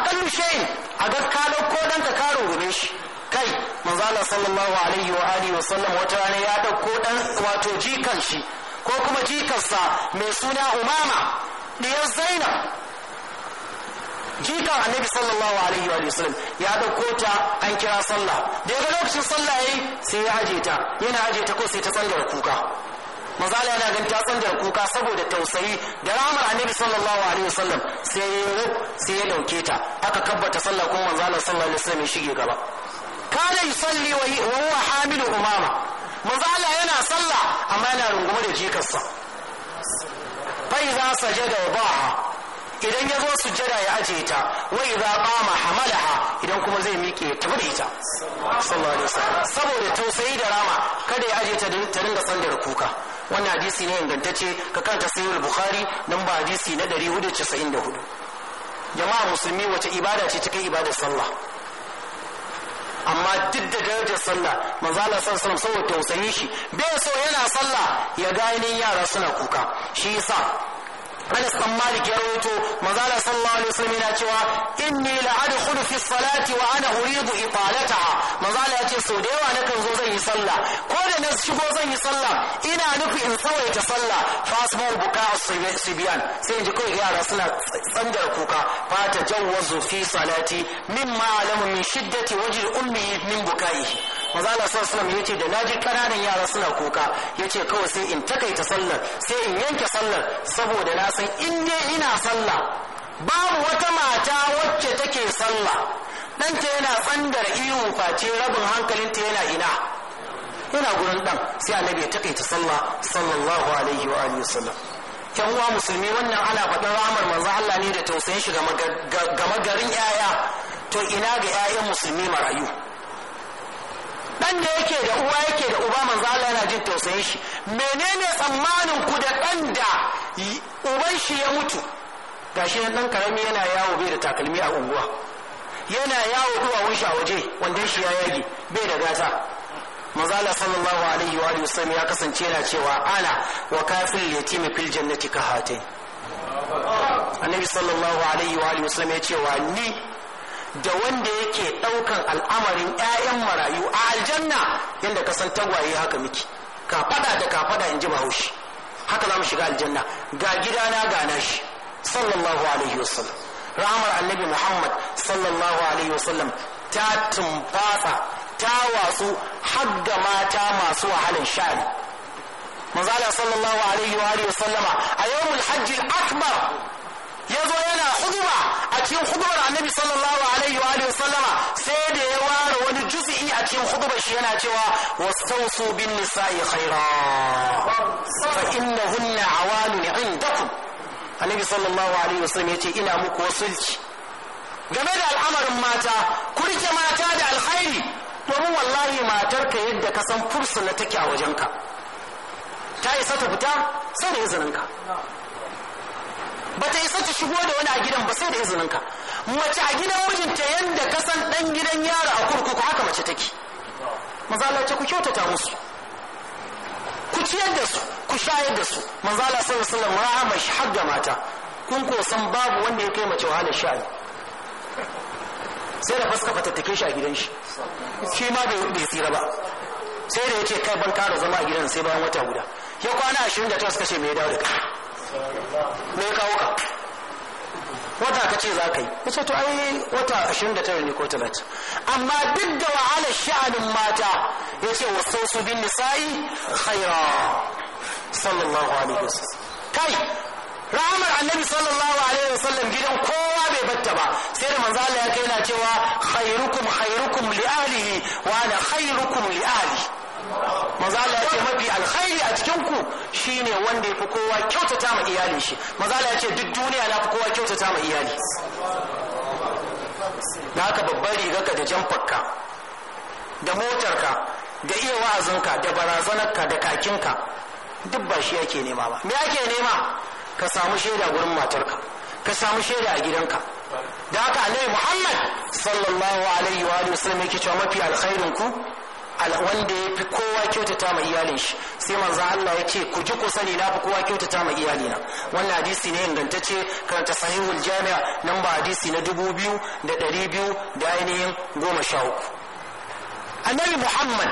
akalli shayin a ga ka ko danka ka rungume shi kai manzo Allah sallallahu alaihi wa alihi wa sallam wata rana ya dauko dan wato jikan shi ko kuma jikarsa mai suna Umama diyar Zainab jikan annabi sallallahu alaihi wa sallam ya dauko ta an kira sallah da ya ga lokacin sallah yayi sai ya aje ta yana aje ta ko sai ta sallar kuka mazali yana ganin ta tsandar kuka saboda tausayi da ramar annabi sallallahu alaihi wasallam sai ya yi sai ya dauke ta aka kabbata sallah kuma manzo Allah sallallahu alaihi wasallam ya shige gaba kana yusalli wa huwa hamilu umama manzo Allah yana sallah amma yana rungume da jikarsa fa idza sajada wa baha idan ya zo sujjada ya aje ta wa idza qama hamalaha idan kuma zai miƙe ta bude ta sallallahu alaihi wasallam saboda tausayi da rama kada ya aje ta ta dinga sandar kuka wannan hadisi ne ingantacce ka kanta sayyid bukhari nan ba hadisi na 494 jama'a musulmi wace ibada ce cikin ibadar sallah amma duk da darajar sallah manzo Allah sallallahu alaihi wasallam tausayin shi bai so yana sallah ya ga yara suna kuka shi yasa Anas dan Malik ya rawaito manzo Allah sallallahu alaihi wasallam yana cewa inni la adkhulu fi salati wa ana uridu italataha manzo Allah ya ce so da yawa nakan zo zan yi sallah ko da na shigo zan yi sallah ina nufi in tsawaita sallah fasbu buka sibiyan sai in ji kai yara suna tsangar kuka fa tajawwazu fi salati mimma alamu min shiddati wajhi ummi min bukaihi mazala sallallahu ya ce da naji kananan yara suna kuka ya ce kawai sai in takaita sallar sai in yanke sallar saboda na san in ne ina sallah babu wata mata wacce take sallah ɗanta yana tsandar ihu face rabin hankalinta yana ina yana gurin dan sai annabi ya takaita sallah sallallahu alaihi wa alihi wasallam yan uwa musulmi wannan ana faɗin ramar manzo Allah ne da tausayin shi ga magarin yaya to ina ga yayan musulmi marayu Ɗan da yake da uwa yake da uba manzo Allah yana jin tausayin shi menene tsammanin ku da dan da uban shi ya mutu gashi nan ɗan karami yana yawo bai da takalmi a unguwa yana yawo duwawun shi a waje wanda shi ya yage bai da gata manzo Allah sallallahu alaihi wa alihi wasallam ya kasance yana cewa ana wa kafil yatimi fil jannati kahatin annabi sallallahu alaihi wa alihi wasallam ya ce wa ni da wanda yake ɗaukan al'amarin 'ya'yan marayu a aljanna yadda ka san tagwaye haka miki ka fada da ka fada in ji bahaushe haka za mu shiga aljanna ga gidana gana shi. sallallahu alaihi wasallam rahamar annabi muhammad sallallahu alaihi wasallam ta tumfasa ta wasu hagga mata masu wahalar sha'ani manzala sallallahu alaihi wa sallama a yawmul hajji akbar ya zo yana huduba a cikin hudubar annabi sallallahu alaihi wa sallama sai da ya ware wani juzi'i a cikin hudubar shi yana cewa wastausu bin nisa'i khaira fa innahunna awalun indakum annabi sallallahu alaihi wa sallam yace ina muku wasulci game da al'amarin mata ku rike mata da alkhairi domin wallahi matar ka yadda ka san fursuna take a wajenka ta isa ta fita sai da izininka ba ta isa ta shigo da wani a gidan ba sai da izininka mace a gidan mijinta yadda ka san ɗan gidan yaro a kurkuku haka mace take maza Allah ce ku kyautata musu ku ciyar da su ku shayar da su maza Allah sallallahu alaihi wasallam rahama shi hagga mata kun ko san babu wanda ya kai mace wahalar sha'ani sai da fuska fatattake shi a gidan shi shi ma bai tsira ba sai da yace kai ban kara zama a gidan sai bayan wata guda ya kwana ashirin da takwas kashe mai dawo da kai me ya kawo ka wata ka ce za ka yi ita to ai wata 29 ne ko 30 amma duk da wahalar sha'anin mata ya ce wasu sau su bin nisa'i khaira sallallahu alaihi wasallam kai rahamar annabi sallallahu alaihi wasallam gidan kowa bai batta ba sai da manzo Allah ya kai yana cewa khairukum khairukum li ahlihi wa ana khairukum li ahlihi manzo Allah ya ce mafi alkhairi a cikin ku shine wanda ya fi kowa kyautata ma iyalin shi manzo Allah ya ce duk duniya na fi kowa kyautata ma iyali da haka babbar rigarka da jamfarka da motarka da iya wa'azinka da barazanarka da kakinka duk ba shi yake nema ba me ake nema ka samu shaida gurin matarka ka samu shaida a gidanka da haka annabi muhammad sallallahu alaihi wa alihi wasallam yake cewa mafi alkhairin ku wanda ya fi kowa kyautata ma iyalin shi sai manzo Allah ya ce ku ji ku sani na fi kowa kyautata ma iyalina wannan hadisi ne ingantacce karanta sahihul jami'a namba hadisi na dubu biyu da ɗari biyu da ainihin goma sha uku annabi muhammad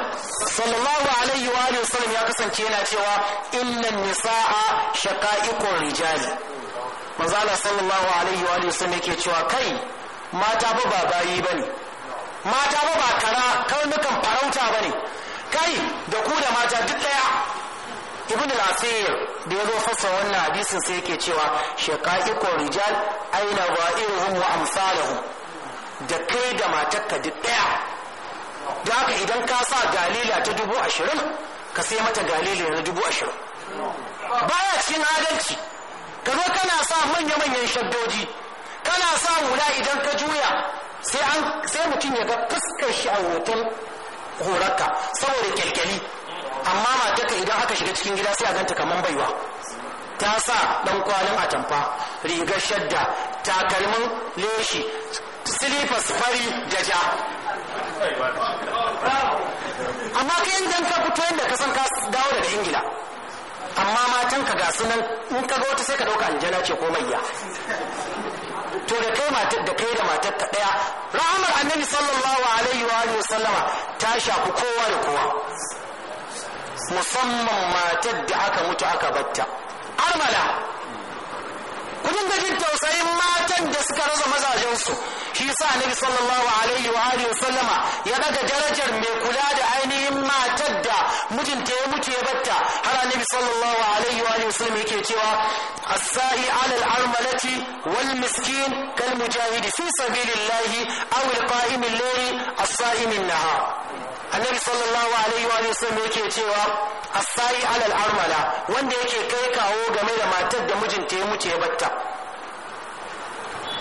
sallallahu alaihi wa alihi wasallam ya kasance yana cewa innan nisa'a shaqa'iqur rijali manzo Allah sallallahu alaihi wa alihi wasallam yake cewa kai mata fa ba bayi bane mata ba ba kara karnukan farauta ba ne kai da ku da mata duk daya ibn al-asir da ya zo fassa wannan hadisin sai yake cewa shaqa'iqur rijal aina wa'iruhum wa amsaluhum da kai da matarka duk daya da haka idan ka sa galila ta dubu ashirin ka sai mata galila na dubu ashirin baya cikin adalci ka zo kana sa manya-manyan shaddoji kana sa hula idan ka juya sai an sai mutum ya ga fuskar shi a hoton horarka saboda kyalkyali amma matarka idan aka shiga cikin gida sai a ganta kamar baiwa ta sa dan kwalin tamfa rigar shadda takalmin leshi silifas fari da ja amma ka yin dan ka fito yadda ka san ka dawo daga ingila amma matan ga sunan in ka ga wata sai ka dauka aljana ce ko mayya to da kai matar da kai da matar ka daya rahamar annabi sallallahu alaihi wa alihi sallama ta shafi kowa da kowa musamman matar da aka mutu aka batta armala kudin da jin tausayin matan da suka rasa mazajensu shi sa nabi sallallahu alaihi wa alihi sallama ya daga darajar mai kula da ainihin matar da mijinta ya mutu ya batta har annabi sallallahu alaihi wa alihi sallama yake cewa as-sa'i 'ala al-armalati wal miskin kal mujahid fi sabilillahi aw al-qa'im al-layl as-sa'im an-nahar annabi sallallahu alaihi wa alihi sallama yake cewa asayi alal armala wanda yake kai kawo game da matar da mijinta ya mutu ya batta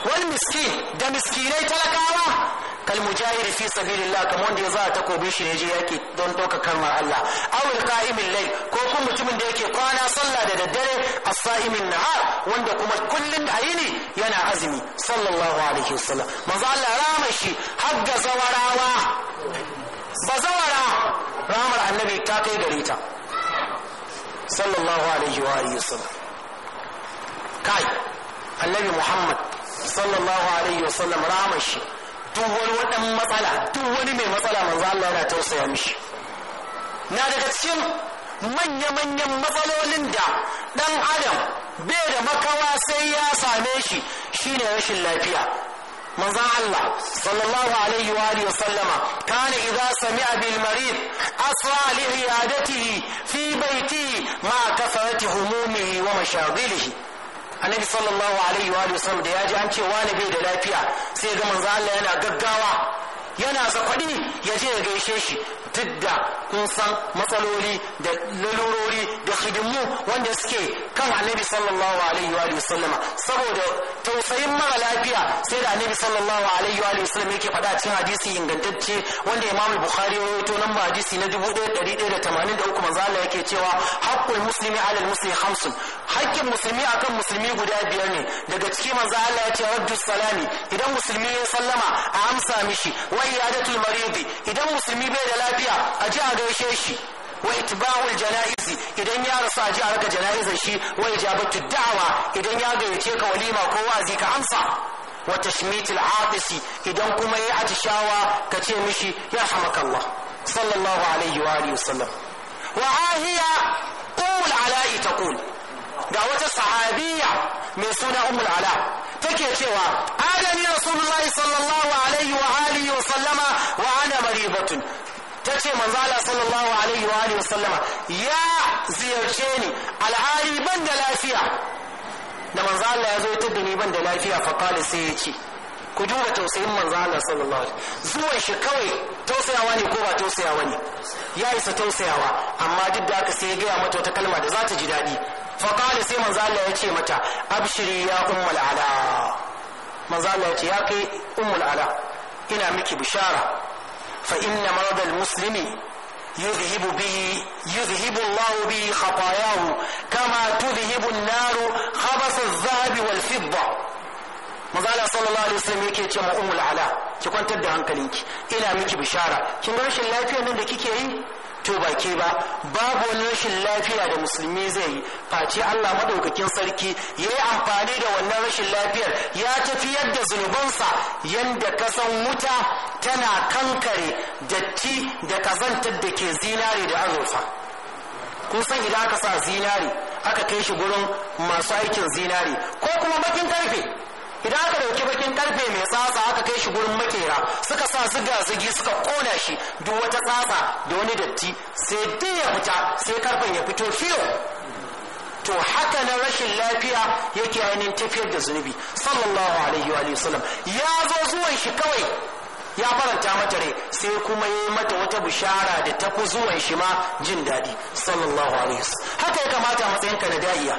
wal miski da miskinai talakawa kal mujahiri fi sabilillah kamar wanda ya za takobi shi ne je yaki don ɗaukar kalmar Allah awil qa'imil layl ko kuma mutumin da yake kwana sallah da daddare as-sa'imin nahar wanda kuma kullun ayini yana azumi sallallahu alaihi wasallam manzo Allah rama shi hagga zawarawa bazawara ramar annabi ta kai gareta. sallallahu alaihi wa sallam. wasallam kai annabi muhammad sallallahu alaihi sallam rahmar shi duk wani wadan matsala duk wani mai matsala manzo Allah yana tausaya mishi na daga cikin manya-manyan matsalolin da dan adam bai da makawa sai ya same shi shine rashin lafiya manzan Allah sallallahu alaihi wa alihi sallama kana idza sami'a bil marid asra li iyadatihi fi baitihi ma kafarati humumihi wa mashagilihi annabi sallallahu alaihi wa alihi sallam da yaji an ce wani bai da lafiya sai ga manzan Allah yana gaggawa yana zakwadi ya je ya gaishe shi tidda kun san matsaloli da lalurori da hidimu wanda suke kan annabi sallallahu alaihi wa sallama saboda tausayin mara lafiya sai da annabi sallallahu alaihi wa sallama yake faɗa cikin hadisi ingantacce wanda imam bukhari ya rawaito nan ba hadisi na 1183 manzo Allah yake cewa haqqul muslimi alal muslimi khamsun haƙƙin musulmi akan musulmi guda biyar ne daga ciki manzo Allah ya ce raddu salami idan musulmi ya sallama a amsa mishi wa iyadatul maridi idan musulmi bai da lafiya lafiya a ji a gaishe shi wa itba'ul janaizi idan ya rasu a ji a raka janaizar shi wa ijabatu da'wa idan ya gayyace ka walima ko wa'azi ka amsa wa tashmitil atisi idan kuma ya atishawa ka ce mishi yarhamakallah sallallahu alaihi wa alihi wasallam wa ahiya ummul ala'i taqul ga wata sahabiya mai suna ummul ala' take cewa adani rasulullahi sallallahu alaihi wa alihi wa sallama wa ana ta ce manzo Allah sallallahu alaihi wa alihi wasallama ya ziyarce ni alhali ban da lafiya da manzo Allah ya zo ya tada ni ban da lafiya fa qala sai ya ce ku duba tausayin manzo Allah sallallahu alaihi zuwan shi kawai tausayawa ne ko ba tausayawa ne ya isa tausayawa amma duk da haka sai ya gaya mata wata kalma da za ta ji daɗi fa qala sai manzo Allah ya ce mata abshiri ya ummul ala manzo Allah ya ce ya kai ummul ala ina miki bishara فإن مرض المسلم يذهب به يذهب الله به خطاياه كما تذهب النار خبث الذهب والفضة yake ce ma umul ki kwantar da hankalinki ina miki bishara kin ga rashin lafiyar nan da kike yi to ba ke ba babu wani rashin lafiya da musulmi zai yi face Allah madaukakin sarki ya yi amfani da wannan rashin lafiyar ya tafiyar da zunubansa yanda kasan wuta tana kankare datti da kazantar da ke zinare da azurfa kun san idan aka sa zinare aka kai shi gurin masu aikin zinare ko kuma bakin karfe idan aka dauki bakin karfe mai tsatsa aka kai shi gurin makera suka sa ziga zigi suka kona shi duk wata tsatsa da wani datti sai duk ya fita sai karfen ya fito fiyo to haka na rashin lafiya yake ainihin tafiyar da zunubi sallallahu alaihi wa sallam ya zo zuwan shi kawai ya faranta mata rai sai kuma yi mata wata bishara da tafi zuwan shi ma jin daɗi sallallahu alaihi wa haka ya kamata matsayinka na da'iya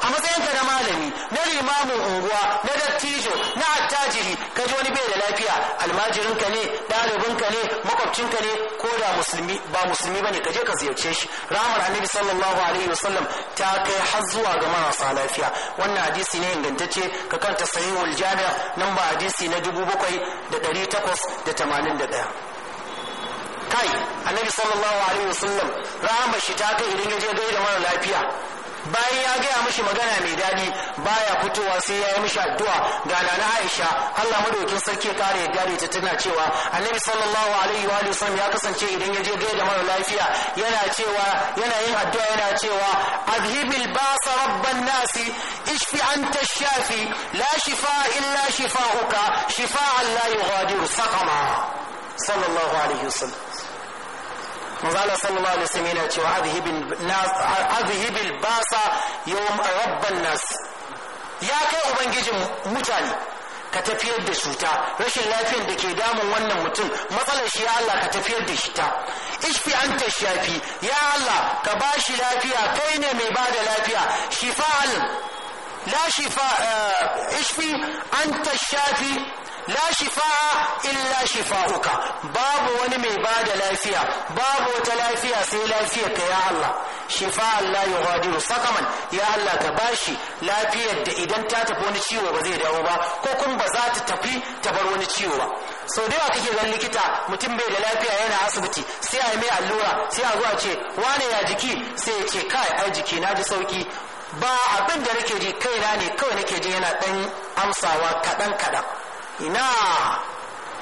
a matsayinka na malami na limamin unguwa na dattijo na attajiri ka ji wani bai da lafiya almajirinka ne ka ne makwabcinka ne ko da musulmi ba musulmi bane ka je ka ziyarce shi rahmar annabi sallallahu alaihi wasallam ta kai har zuwa ga marasa lafiya wannan hadisi ne ingantacce ka kanta sahihul jami'a nan ba hadisi na dubu bakwai da ɗari takwas da tamanin da ɗaya kai annabi sallallahu alaihi wasallam rahmar shi ta kai idan ya je gaida mara lafiya bayan ya gaya mishi magana mai daɗi baya fitowa sai ya yi mishi addu'a ga nana Aisha Allah madaukin sarki kare yadda da ta tana cewa Annabi sallallahu alaihi wa sallam ya kasance idan ya je gaya da mara lafiya yana cewa yana yin addu'a yana cewa adhibil basa rabban nasi ishfi anta shafi la shifa illa shifa'uka shifa'an la yughadiru saqama sallallahu alaihi wa sallam manzala sallallahu alaihi wasallam yana cewa azhibil nas azhibil basa yawm rabban nas ya kai ubangijin mutane ka tafiyar da cuta rashin lafiyar da ke damun wannan mutum matsalar shi ya Allah ka tafiyar da shi ta ishfi ta shafi ya Allah ka ba shi lafiya kai ne mai ba da lafiya shifa'al la shifa eh, ishfi ta shafi la shifa'a illa shifa'uka babu wani mai bada lafiya babu wata lafiya sai lafiyar ka ya Allah shifa'a la yughadiru sakaman ya Allah ka bashi lafiyar da idan ta tafi wani ciwo ba zai dawo ba ko kuma ba za ta tafi ta bar wani ciwo ba sau da yawa kake ganin likita mutum bai da lafiya yana asibiti sai a yi mai allura sai a a ce wane ya jiki sai ya ce kai ai jiki na ji sauki ba abin da nake ji kaina ne kawai nake ji yana dan amsawa kaɗan kaɗan ina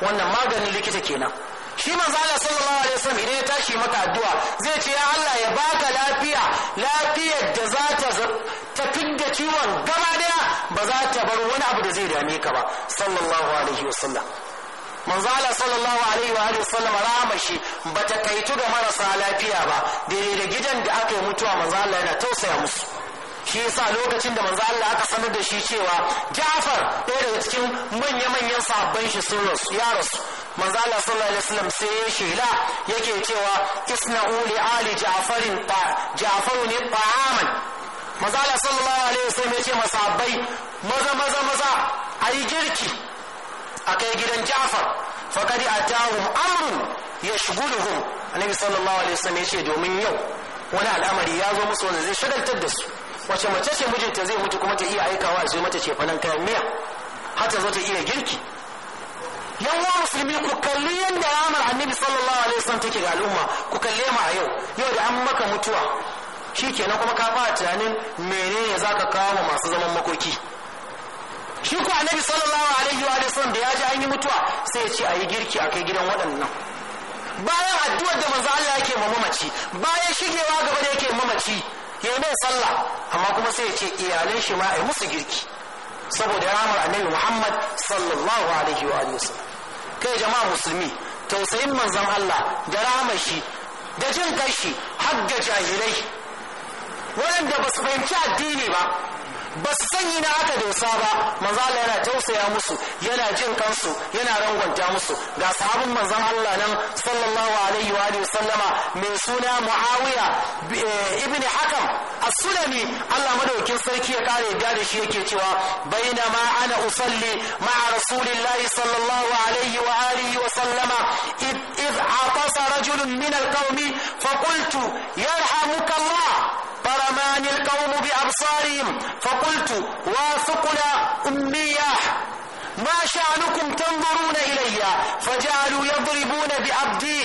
wannan maganin likita kenan shi manzo Allah sallallahu alaihi wasallam idan ya tashi maka addu'a zai ce ya Allah ya baka lafiya lafiyar da za ta ta ciwon gaba daya ba za ta bar wani abu da zai dame ka ba sallallahu alaihi wasallam manzo Allah sallallahu alaihi wa alihi wasallam rahama shi bata kaitu ga marasa lafiya ba daidai da gidan da aka yi mutuwa manzo Allah yana tausaya musu shi yasa lokacin da manzo Allah aka sanar da shi cewa Ja'far ɗaya daga cikin manya-manyan sahabban shi sun rasu ya rasu manzo Allah sallallahu alaihi wasallam sai ya shela yake cewa isna'u li ali Ja'farin Ja'farun ta'aman manzo Allah sallallahu alaihi wasallam ya ce masahabbai maza maza maza ayi girki akai gidan Ja'far fa kadi atahum amrun yashghuluhum annabi sallallahu alaihi wasallam ya ce domin yau wani al'amari ya zo musu wanda zai shagaltar da su wace mace ce mijinta zai mutu kuma ta iya aikawa a mata fanan kayan miya har ta iya girki Yan uwa musulmi ku kalli yadda ramar annabi sallallahu alaihi wasallam take ga al'umma ku kalle mu a yau yau da an maka mutuwa shi kenan kuma ka fara tunanin menene za ka kawo masu zaman makoki shi ku annabi sallallahu alaihi wa sallam da ya ji an yi mutuwa sai ya ce a yi girki a kai gidan waɗannan bayan addu'ar da manzo Allah yake ma mamaci bayan shigewa gaba da yake mamaci ya mai sallah amma kuma sai ya ce iyalan shi ma a musu girki saboda ramar annabi muhammad sallallahu alaihi wa kai jama'a musulmi tausayin manzon allah da ramar shi da jin kashi har da jahilai waɗanda ba su fahimci addini ba ba su san na aka dosa ba Manzala Allah yana tausaya musu yana jin kansu yana rangwanta musu ga sahabin Manzan Allah nan sallallahu alaihi wa alihi sallama mai suna Muawiya eh, ibn Hakam as-Sulami Allah madaukin sarki ya kare da da shi yake cewa ma ana usalli ma'a rasulillahi sallallahu alaihi wa alihi wa sallama id atasa rajulun min al-qaumi fa qultu yarhamukallah القوم بأبصارهم فقلت واثقنا أمياح ما شأنكم تنظرون إلي فجعلوا يضربون بأبدي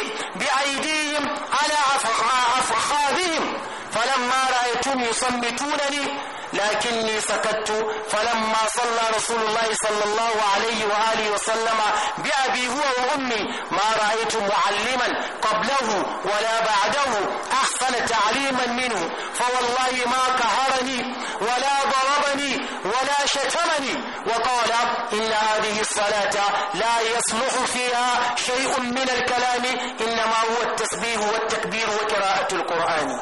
كنتم يصمتونني لكني سكت فلما صلى رسول الله صلى الله عليه وآله وسلم بأبي هو وأمي ما رأيت معلما قبله ولا بعده أحسن تعليما منه فوالله ما قهرني ولا ضربني ولا شتمني وقال إن هذه الصلاة لا يصلح فيها شيء من الكلام إنما هو التسبيح والتكبير وقراءة القرآن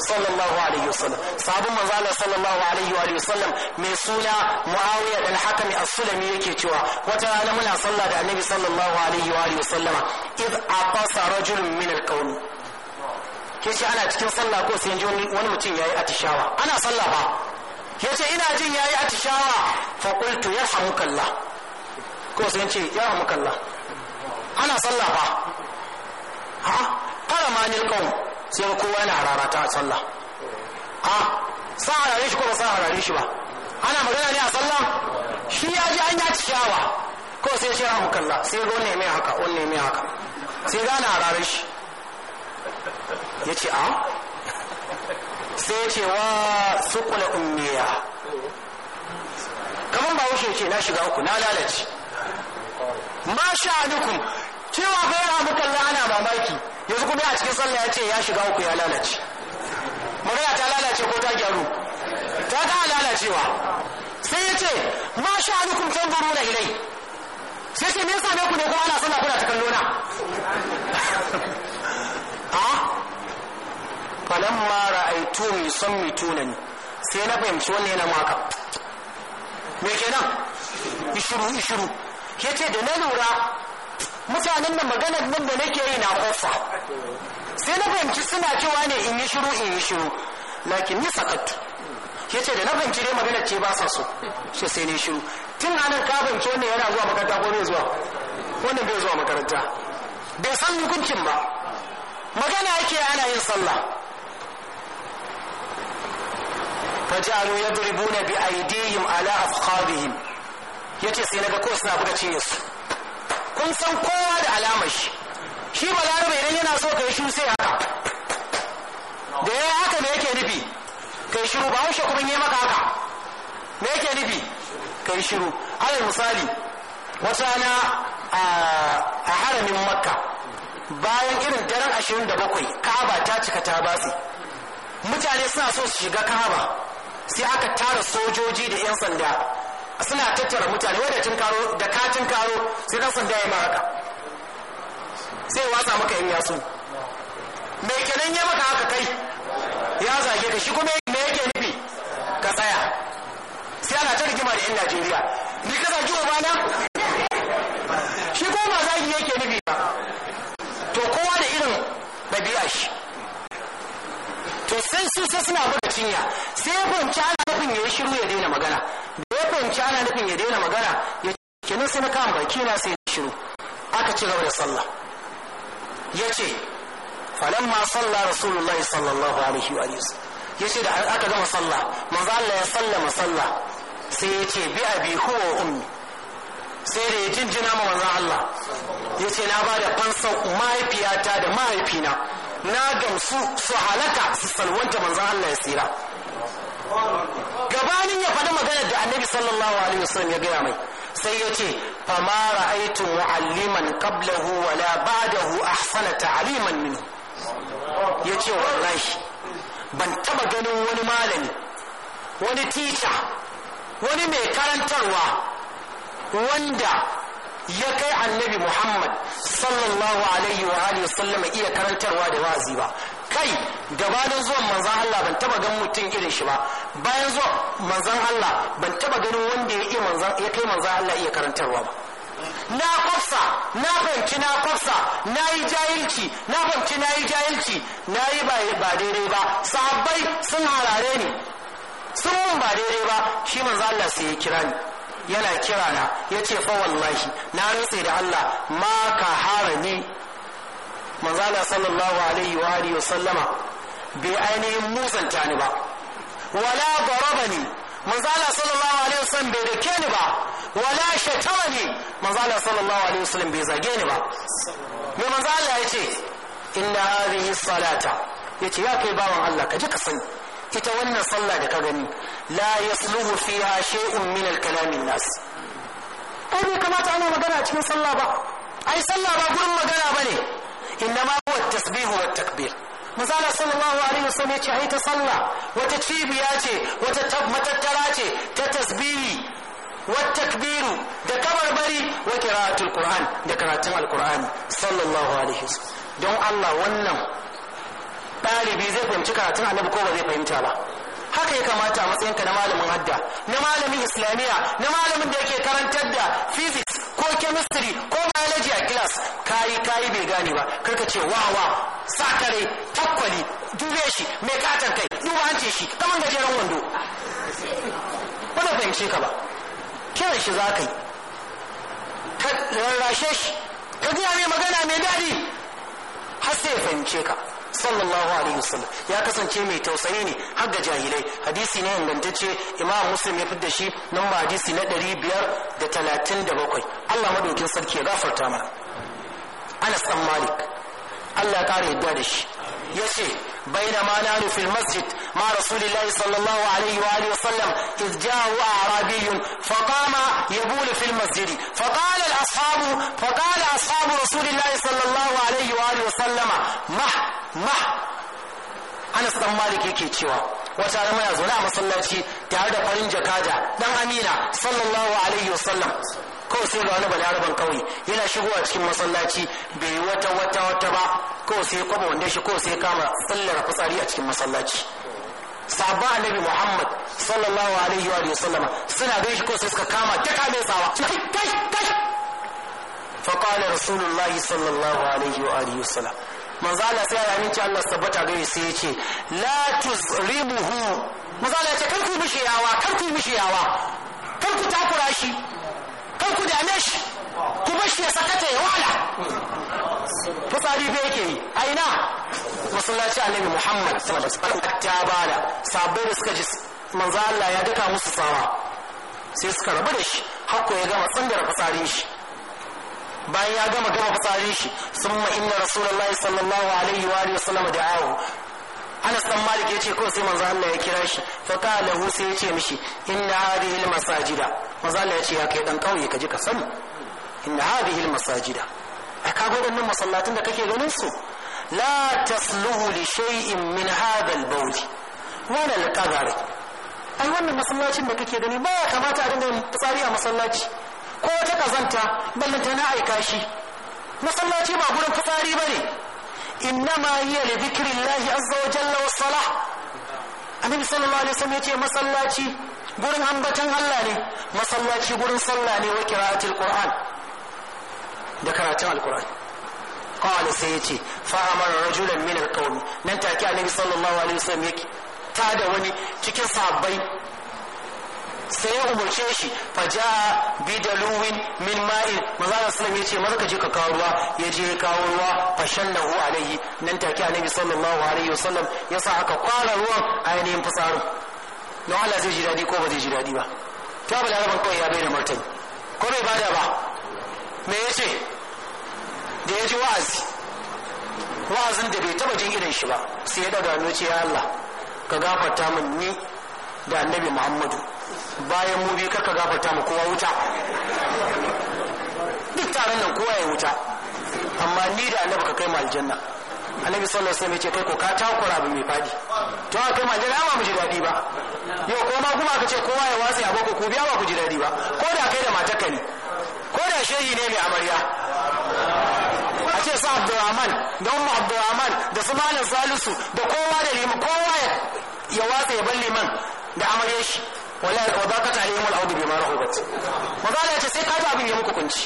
sallallahu alaihi wasallam sabon manzala sallallahu alaihi wa sallam mai suna Muawiya dan Hakami as-Sulami yake cewa wata rana muna sallah da Annabi sallallahu alaihi wa sallama iz aqasa rajulun min al-qawm kishi ana cikin sallah ko sai wani mutum yayi atishawa ana sallah ba yace ina jin yayi atishawa fa qultu Allah ko sai ce Allah ana sallah ba ha qala manil qawm sai kowa yana hararata a sallah a sa harare shi ko ba sa harare shi ba ana magana ne a sallah shi ya ji an ya shawa. ko sai shi rahu kalla sai ga wani mai haka wani mai haka sai gane harare shi ya ce a sai ce wa kula ummiya kamar ba wushe ce na shiga uku na lalace ma sha'anukum cewa ga yana mukalla ana mamaki yanzu kuma a cikin sallah ya ce ya shiga uku ya lalace magana ta lalace ko ta gyaru ta ga lalacewa sai ya ce ma sha'anukum nuna ilai sai ce me yasa ne ku ne kuma ana sallah kuna ta kallo na a ah, falamma ra'aytu yusammitunani sai na fahimci wannan yana maka me kenan ishuru ishuru ce da na lura mutanen da maganar nan da nake yi na kofa sai na fahimci suna cewa ne in yi shiru in yi shiru lakin ni sakattu ya ce da na fahimci dai maganar ce ba sa so shi sai ne shiru tun anan ka fahimci wannan yana zuwa makaranta ko ne zuwa wannan bai zuwa makaranta bai san hukuncin ba magana yake ana yin sallah fajalu yadribuna bi aydihim ala afkhadihim yace sai naga ko suna buga cinye kun san kowa da alamar shi shi balarabe idan yana so kai shiru sai haka da ya haka me yake nufi kai shiru ba haushe kuma yi maka haka me yake nufi kai shiru alal misali wata na a haramin makka bayan irin daren ashirin da bakwai ka'aba ta cika ta basi mutane suna so su shiga ka'aba sai aka tara sojoji da 'yan sanda suna tattara mutane wadda cin karo da katin karo sai dan sanda ya maka sai watsa maka in yaso mai kenan ya maka haka kai ya zage ka shi kuma me yake nufi ka tsaya sai ana ta rigima da yan Najeriya ni ka uba na? shi ko ba zagi yake nufi ba to kowa da irin ɗabi'a shi to sai su sai suna buga cinya sai ya fahimci ana nufin ya yi shiru ya daina magana da ya fahimci ana nufin ya daina magana ya ce kenan sai na kama baki na sai shiru aka ci gaba da sallah ya ce falamma sallah rasulullahi sallallahu alaihi wa ya ce da aka gama sallah manzo Allah ya sallama sallah sai ya ce bi abi huwa ummi sai da ya jinjina ma manzo Allah ya ce na bada fansa mahaifiyata da mahaifina na gamsu su halaka su salwanta manzo Allah ya tsira gabanin ya faɗi maganar da annabi sallallahu alaihi wasallam ya gaya mai sai ya ce fama ra'aitu mu'alliman qablahu wala ba'dahu ahsana ta'liman minhu ya ce wallahi ban taba ganin wani malami wani tica wani mai karantarwa wanda ya kai annabi muhammad sallallahu alaihi wa alihi wasallam iya karantarwa da wazi ba kai gabanin zuwan manzan Allah ban taba gan mutum irin shi ba bayan zuwan manzan Allah ban taba ganin wanda ya ya kai manzan Allah iya karantarwa ba na kwafsa na fahimci na kwafsa na yi jahilci na fahimci na yi jahilci na yi ba daidai ba sahabbai sun harare ni sun mun ba daidai ba shi manzan Allah sai ya kira ni yana kirana ya ce fa wallahi na rantse da Allah ma ka harani manzana sallallahu alaihi wa alihi sallama bai ainihin musanta ni ba wala darabani manzana sallallahu alaihi wasallam bai dake ni ba wala shatamani manzana sallallahu alaihi wasallam bai zage ni ba me manzana ya ce inna hadhihi salata yace ya kai bawan Allah ka ji ka sani ita wannan sallah da ka gani la yasluhu fiha shay'un min al-kalam nas ai bai kamata ana magana cikin sallah ba ai sallah ba gurin magana ba ne. Inna هو التسبيح والتكبير manzala sallallahu alaihi wasallam ya ce ai ta sallah wata cibiya ce wata matattara ce ta tasbihi wa takbiru da kabarbari wa qira'atul qur'an da karatun alqur'ani sallallahu alaihi wasallam don Allah wannan ɗalibi zai fahimci karatun annabi ko ba zai fahimta ba haka ya kamata a matsayinka na malamin hadda na malamin islamiyya na malamin da yake karantar da physics ko chemistry ko biology a class kayi kayi bai gane ba karka ce wawa sakare takwali dube shi mai katar kai duba hanci shi kaman gajeren wando ba da fahimce ka ba kiran shi za ka yi ka rarrashe shi ka ji mai magana mai daɗi har sai ya fahimce ka sallallahu alaihi wasallam ya kasance mai tausayi ne har ga jahilai hadisi ne ingantacce imam muslim ya fi da shi nan ba hadisi na ɗari biyar da talatin da bakwai allah madaukin sarki ya gafarta mana anas dan malik allah ya ƙara yadda da shi ya ce بينما نحن في المسجد مع رسول الله صلى الله عليه وآله وسلم إذ جاءه أعرابي فقام يبول في المسجد فقال الأصحاب فقال أصحاب رسول الله صلى الله عليه وآله وسلم مح مح أنا استمالك يكي تشوى wata rama ya zaune a masallaci tare da farin jakada dan amina sallallahu alaihi wasallam kawai sai ga wani balaraban kawai yana shigowa cikin masallaci bai yi wata wata wata ba kawai sai kwaba wanda shi kawai sai kama tsallar fitsari a cikin masallaci sabon annabi muhammad sallallahu alaihi wa sallama suna ganin shi kawai sai suka kama ta kame sawa kai kai kai فقال رسول الله صلى الله عليه وآله وسلم manzo sai ya amince Allah tabbata gari sai ya ce la tuzribuhu manzo ya ce kar ku mishi yawa kar ku mishi yawa kar ku takura shi kan ku dame shi ku bar shi ya sakata ya wahala fitsari bai yake yi a ina masallaci annabi muhammad sallallahu alaihi wasallam ta bada sabbai da suka ji manzo Allah ya daka musu sawa sai suka rabu da shi hakko ya gama tsandar fitsarin shi bayan ya gama gama fitsarin shi summa inna rasulullahi sallallahu alaihi wa alihi wasallam da'ahu Anas dan Malik yace ko sai manzo Allah ya kira shi fa qala hu sai yace mishi inna hadhihi al-masajida maza ya ce ya kai dan kauye ka ji ka sani inna hadhihi almasajida a ga wadannan masallatin da kake ganin su la tasluhu li shay'in min hadha albawl wala alqadari ai wannan masallacin da kake gani ba ya kamata a dinga tsari a masallaci ko wata kazanta ta na aika shi masallaci ba gurin fitsari bane ne. hiya li dhikrillahi azza wa jalla wa salah annabi sallallahu alaihi wasallam ce masallaci gurin ambatan Allah ne masallaci gurin sallah ne wa kiratul qur'an da karatun alquran qala sai yace fa amara rajulan min alqawm nan take annabi sallallahu alaihi wasallam yake ta da wani cikin sahabbai sai ya umarce shi fa jaa bi daluwin min ma'in manzo sallallahu yace maza ka je ka kawo ruwa ya je kawo ruwa fa shallahu alaihi nan take annabi sallallahu alaihi wasallam ya sa aka kwara ruwan ainihin fitsarin don Allah zai ji daɗi ko ba zai ji daɗi ba ta ba laraban kawai ya bayyana martani ko bai bada ba me ya ce da ya ji wa'azi wa'azin da bai taba jin irin shi ba sai ya daga hannu ce ya Allah ka gafarta min ni da annabi Muhammadu bayan mu biyu ka gafarta mu kowa wuta duk taron nan kowa ya wuta amma ni da annabi ka kai mu aljanna annabi sallallahu alaihi wasallam ya ce kai ko ka takura abu mai fadi to ka kai mu aljanna ba mu ji daɗi ba yau ko ma kuma ka ce kowa ya watsi a ku biya ba ku ji daɗi ba ko da kai da matarka ne ko da shehi ne mai amarya a ce su abdurrahman da umma abdurrahman da su malam salisu da kowa da liman kowa ya watsa ya bar liman da amarya shi wala wadaqat alaihim al-ardu bima rahubat wadala ya ce sai kaji abin ya muku kunci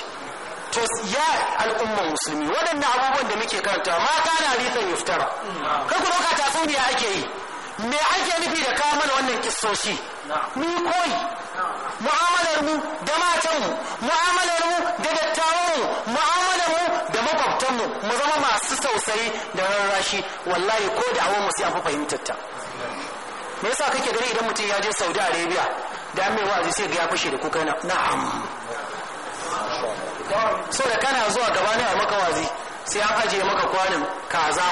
to ya al'umman musulmi waɗannan abubuwan da muke karanta mata na hadisan yuftara kai ku ɗauka tatsuniya ake yi me ake nufi da kawo mana wannan kistoshi mu koyi mu'amalar mu da matan mu mu'amalar mu da dattawan mu mu'amalar mu da makwabtanmu. mu zama masu tausayi da rarrashi wallahi ko da awon mu sai an fahimtar ta me yasa kake gani idan mutum ya je Saudi Arabia da an mai wa'azi sai ga ya fashe da kuka na na'am so da kana zuwa ne a maka wazi sai an ajiye maka kwanin kaza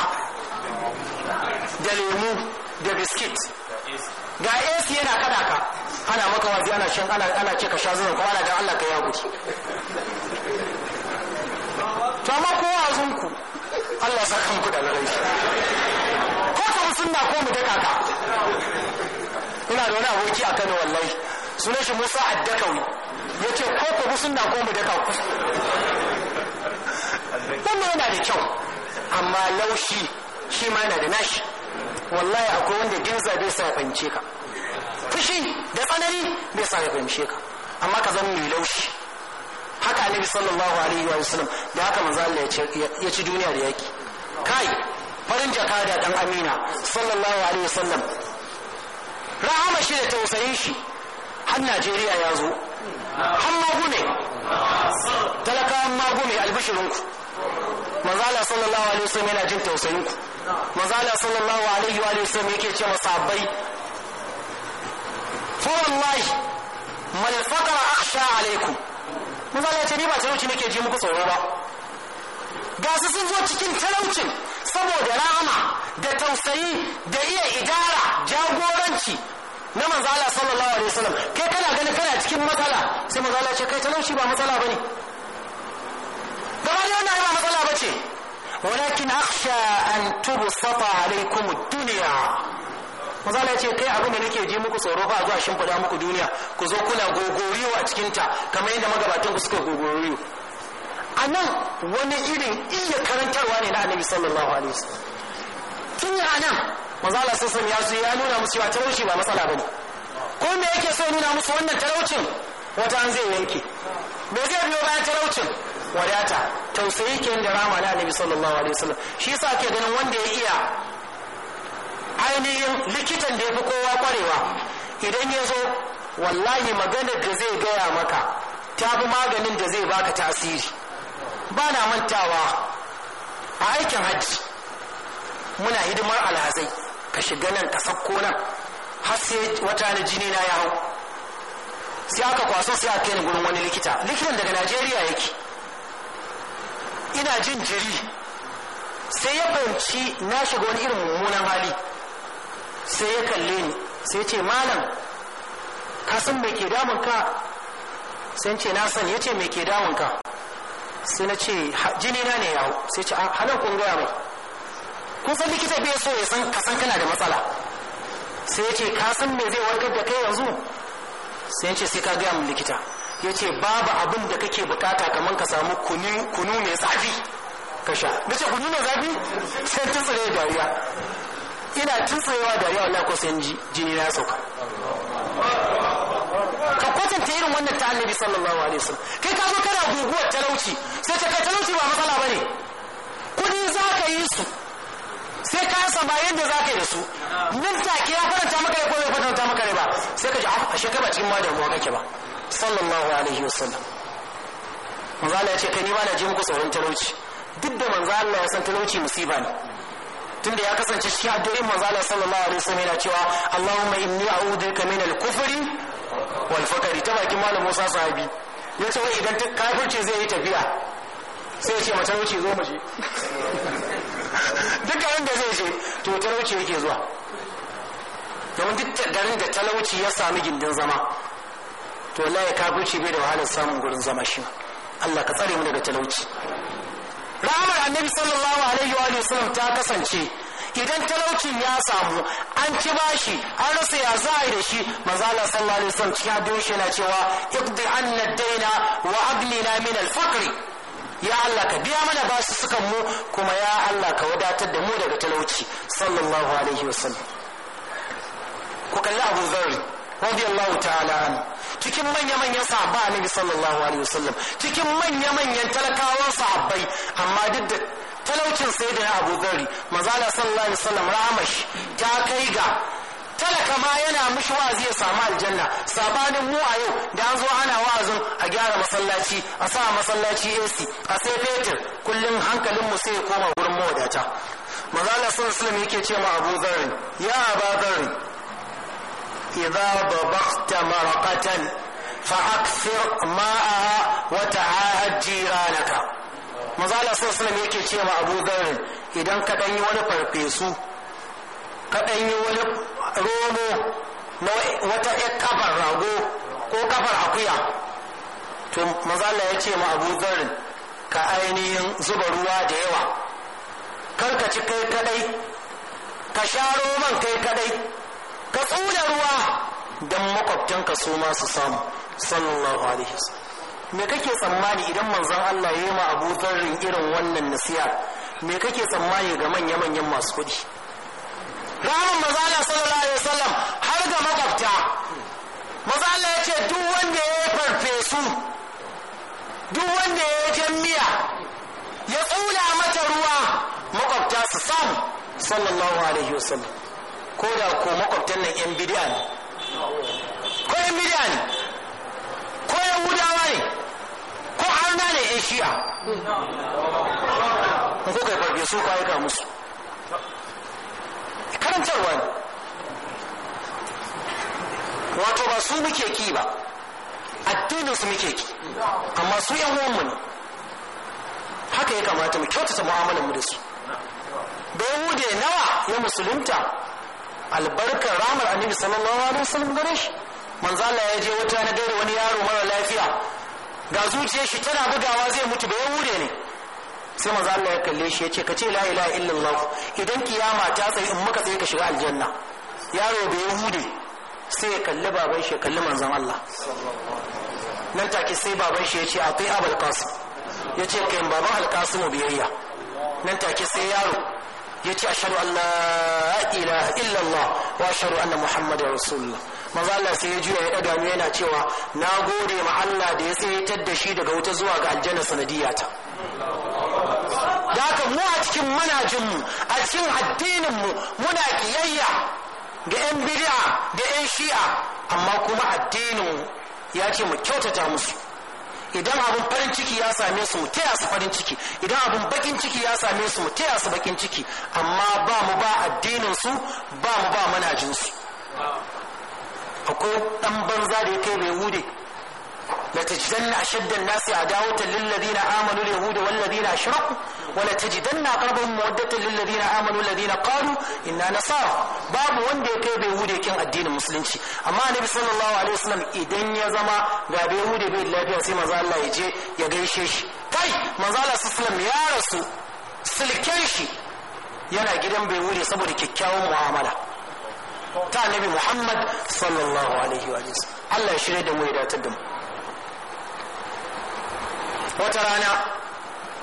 da lemu da biskit ga AC yana kada ka ana maka wazi ana shan ana ana ce ka sha zuwa kuma ana ga Allah ka ya guji to amma ko wazun ku Allah sa kan ku da larai ko ka sunna ko mu daka ka ina da wani aboki a Kano wallahi sunan shi Musa Addakawi yace ko ku sunna ko mu daka ku wannan yana da kyau amma laushi shi ma yana da nashi wallahi akwai wanda ginza bai sa ya fahimce ka fushi da tsanani bai sa ya fahimce ka amma ka zama mai laushi haka bi sallallahu alaihi wa sallam da haka manzo Allah ya ci duniya da yaki kai farin jaka da dan amina sallallahu alaihi wa sallam rahama shi da tausayin shi har Najeriya ya zo har magume talakawan magume albishirinku manzo Allah sallallahu alaihi wa sallam yana jin tausayin ku manzala sallallahu alaihi wa sallam yake ce masabai fa wallahi man faqara akhsha alaikum manzala ce ni ba talauci nake ji muku tsoro ba ga su sun zo cikin talauci saboda rahama da tausayi da iya idara jagoranci na manzala sallallahu alaihi wasallam kai kana ganin kana cikin matsala sai manzala ce kai talauci ba matsala bane gaba da ba matsala bace walakin akhsha an tubsata alaikum ad-dunya mazala ce kai abin da nake ji muku tsoro ba zuwa shimfiɗa muku duniya ku zo kuna gogoriyo a cikinta kamar yadda magabatan ku suka gogoriyo a nan wani irin iya karantarwa ne na annabi sallallahu alaihi wasallam tun ya nan mazala sassan ya zo ya nuna musu cewa talauci ba matsala ba ne. ko me yake so nuna musu wannan talaucin wata an zai yanke me zai biyo bayan talaucin wadata tausayi ke da rama na annabi sallallahu alaihi wasallam shi yasa ke ganin wanda ya iya ainihin likitan da ya fi kowa kwarewa idan ya zo wallahi maganar da zai gaya maka ta fi maganin da zai baka tasiri ba na mantawa a aikin hajji muna hidimar alhazai ka shiga nan ka sakko nan har sai wata na jini na ya hau sai aka kwaso sai aka yi gurin wani likita likitan daga najeriya yake ina jin jiri sai ya fahimci na shiga wani irin mummunan hali sai ya kalle ni sai ce malam ka san me ke damun ka sai ce na san ya ce me ke damun ka sai na ce jini na ne yawo sai ce halin kun gaya mai kun san likita bai so ya san ka san kana da matsala sai ya ce ka san me zai warkar da kai yanzu sai ya ce sai ka gaya min likita ya ce babu abin da kake bukata kamar ka samu kunu mai zafi ka sha da ce kunu mai zafi sai tuntsire da dariya ina wa dariya wallahi ko sai jini na sauka ka kwatanta irin wannan ta annabi sallallahu alaihi wasallam kai ka zo kana guguwar talauci sai ta ka talauci ba matsala ba ne. kudi za ka yi su sai ka sama yadda za ka yi da su nan take ya faranta maka ya ko bai faranta maka ne ba sai ka ji a ah, shekai ba cikin ma damuwa kake ba sallallahu alaihi wasallam manzo Allah ya ce kai ni ba na jin muku tsoron talauci duk da manzala ya san talauci musiba ne tunda ya kasance shi addu'in manzala sallallahu alaihi wasallam yana cewa Allahumma inni a'udhuka min al-kufri wal faqri ta bakin malam Musa sahabi ce wai idan kafirce zai yi tafiya sai ya ce mata wuce zo mu je duk wanda zai je to talauci yake zuwa domin duk garin da talauci ya sami gindin zama to wallahi kafirci bai da wahalar samun gurin zama shi Allah ka tsare mu daga talauci rahamar annabi sallallahu alaihi wa sallam ta kasance idan talaucin ya samu an ci bashi an rasa ya za a yi da shi manzo sallallahu alaihi wasallam cikin shi yana cewa iqdi anna daina wa aglina min al-faqr ya Allah ka biya mana bashi sukan mu kuma ya Allah ka wadatar da mu daga talauci sallallahu alaihi wasallam ku kalli Abu Dharr radiyallahu ta'ala an cikin manya-manyan sahabba annabi sallallahu alaihi wasallam cikin manya-manyan talakawan sahabbai amma duk da talaucin sai da Abu Dhari mazala sallallahu alaihi wasallam ramash ta kai ga talaka ma yana mishi wa'azi ya samu aljanna sabanin mu a yau da an zo ana wa'azin a gyara masallaci a sa masallaci AC a sai fetur kullum hankalin mu sai ya koma wurin mawadata mazala sallallahu alaihi wasallam yake ce ma Abu Dhari ya Abu Dhari إذا ضبخت مرقة فأكثر ماءها وتعاهد جيرانك maza Allah sallallahu alaihi yake cewa Abu Dharr idan ka danyi wani farfesu ka danyi wani romo na wata kafar rago ko kafar akuya to maza ya ce ma Abu Dharr ka ainihin zuba ruwa da yawa kar ka ci kai kaɗai ka sha roman kai kaɗai. ka tsula ruwa don ka su ma su samu sallallahu alaihi wasallam me kake tsammani idan manzon Allah ya yi ma Abu Dharrin irin wannan nasiha me kake tsammani ga manya-manyan masu kuɗi ranar maza Allah sallallahu alaihi wasallam har ga makwabta maza Allah ya ce duk wanda ya yi farfesu duk wanda ya yi jammiya ya tsula mata ruwa makwabta su samu sallallahu alaihi wasallam ko da ko makwabtan nan yan bidiya ne ko yan bidiya ne ko 'yan hudawa ne ko arna ne yan shi'a Ko kuka yi farfe su kwaye musu karantarwa ne wato ba su muke ki ba addinin su muke ki amma su yan uwanmu ne haka ya kamata mu kyautata mu'amalar mu da su da yahudiya nawa ya musulunta albarkar ramar annabi sallallahu alaihi wasallam gare shi manzo Allah ya je wata na gari wani yaro mara lafiya ga zuciyar shi tana bugawa zai mutu bai hure ne sai manzo Allah ya kalle shi ya ce kace la ilaha illallah idan kiyama ta tsaye in muka tsaye ka shiga aljanna yaro bai yahude sai ya kalli baban shi ya kalli manzon Allah nan take sai baban shi ya ce akwai abul qasim ya ce kai baban alqasim biyayya nan take sai yaro ya ce ashadu Allah la ilaha illallah wa ashadu anna muhammadu rasulullah maza Allah sai ya juya ya ɗaga mu yana cewa na gode ma Allah da ya tsayyatar da shi daga wuta zuwa ga aljanna sanadiyata da haka mu a cikin manajinmu a cikin addininmu muna kiyayya ga 'yan bid'a da 'yan shi'a amma kuma addinin ya ce mu kyautata musu idan abin farin ciki ya same su mu taya su farin ciki idan abin bakin ciki ya same su mu taya su bakin ciki amma ba mu ba addinin su ba mu ba manhajin su akwai dan banza da yake mai bai hude la tajidanna ashadda an-nasi adawatan lil ladina amanu al-yahuda wal ladina ashraku wala tajidanna qarban muwaddatan lil ladina amanu ladina qalu inna nasara babu wanda ya bai hude kin addinin musulunci amma annabi sallallahu alaihi wasallam idan ya zama ga bai hude bai lafiya sai manzo Allah ya je ya gaishe shi kai manzo Allah sallallahu ya rasu silken shi yana gidan bai hude saboda kyakkyawan mu'amala ta annabi Muhammad sallallahu alaihi wa sallam Allah ya shirye da mu ya datar da mu wata rana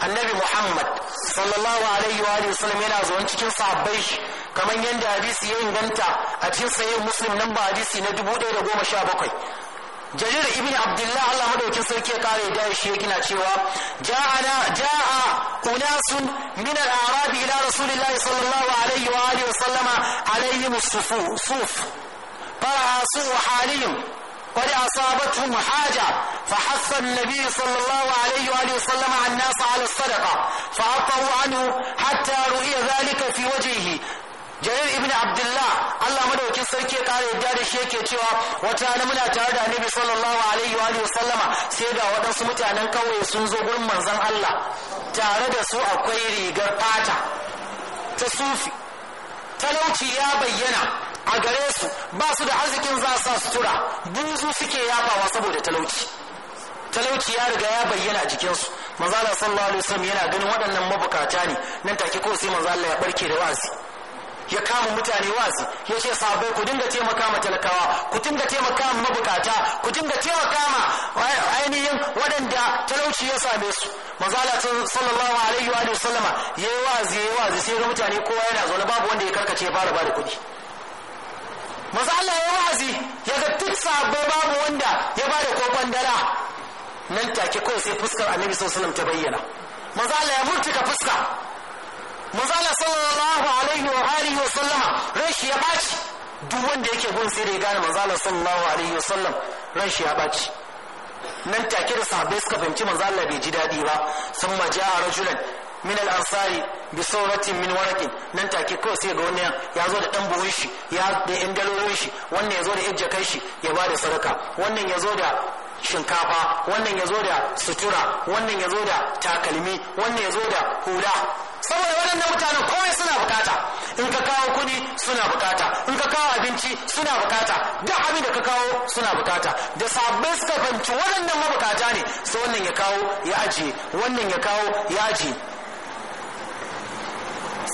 annabi muhammad sallallahu alaihi wa sallam yana zuwan cikin sahabbai shi kamar yadda hadisi ya inganta a cikin sahih muslim nan ba hadisi na 1017 jarir ibn abdullah Allah madaukin sarki ya kare da shi yake na cewa ja'ana ja'a unasun min al-a'rab ila rasulillah sallallahu alaihi wa alihi wa sallama alaihim suf suf fara su halihim قد أصابتهم حاجة فحث النبي صلى الله عليه وآله وسلم على الناس على الصدقة فأعطوا عنه حتى رؤي ذلك في وجهه jarir ibn abdullah Allah madaukin sarki ya kare yadda da shi yake cewa wata rana muna tare da annabi sallallahu alaihi wa sallama sai da waɗansu mutanen kauye sun zo gurin manzon Allah tare da su akwai rigar fata ta sufi talauci ya bayyana a gare su ba su da arzikin za su sutura buzu suke yafawa saboda talauci talauci ya riga ya bayyana a jikinsu manzo Allah sallallahu alaihi wasallam yana ganin waɗannan mabukata ne nan take ko sai manzo Allah ya barke da wazi ya kama mutane wazi ya ce sahabbai ku dinga taimaka ma talakawa ku dinga taimaka ma mabukata ku dinga taimaka ma ainihin waɗanda talauci ya same su manzala sallallahu alaihi wa sallama yayi wazi yayi wazi sai ga mutane kowa yana zaune babu wanda ya karkace fara bada kuɗi masu Allah ya wa'azi ya ga duk sabbai babu wanda ya bada kokon dara nan take kawai sai fuskar annabi sallallahu ta bayyana masu Allah ya murtuka fuska masu Allah sallallahu alaihi wa alihi wa sallama ran shi ya baci duk wanda yake gun sai da ya gane masu Allah sallallahu alaihi wa sallam ran shi ya baci nan take da sahabbai suka fahimci manzo Allah bai ji dadi ba sun ma a rajulan min al-ansari bi sawratin min waraqin nan take kawai sai ga wani ya zo da dan buhun shi ya da yan dalolin shi wannan ya zo da kai shi ya ba da sadaka wannan ya zo da shinkafa wannan ya zo da sutura wannan ya zo da takalmi wannan ya zo da hula saboda waɗannan mutanen komai suna bukata in ka kawo kuɗi suna bukata in ka kawo abinci suna bukata duk abin da ka kawo suna bukata da sabbin suka fahimci waɗannan mabukata ne sai wannan ya kawo ya ajiye wannan ya kawo ya ajiye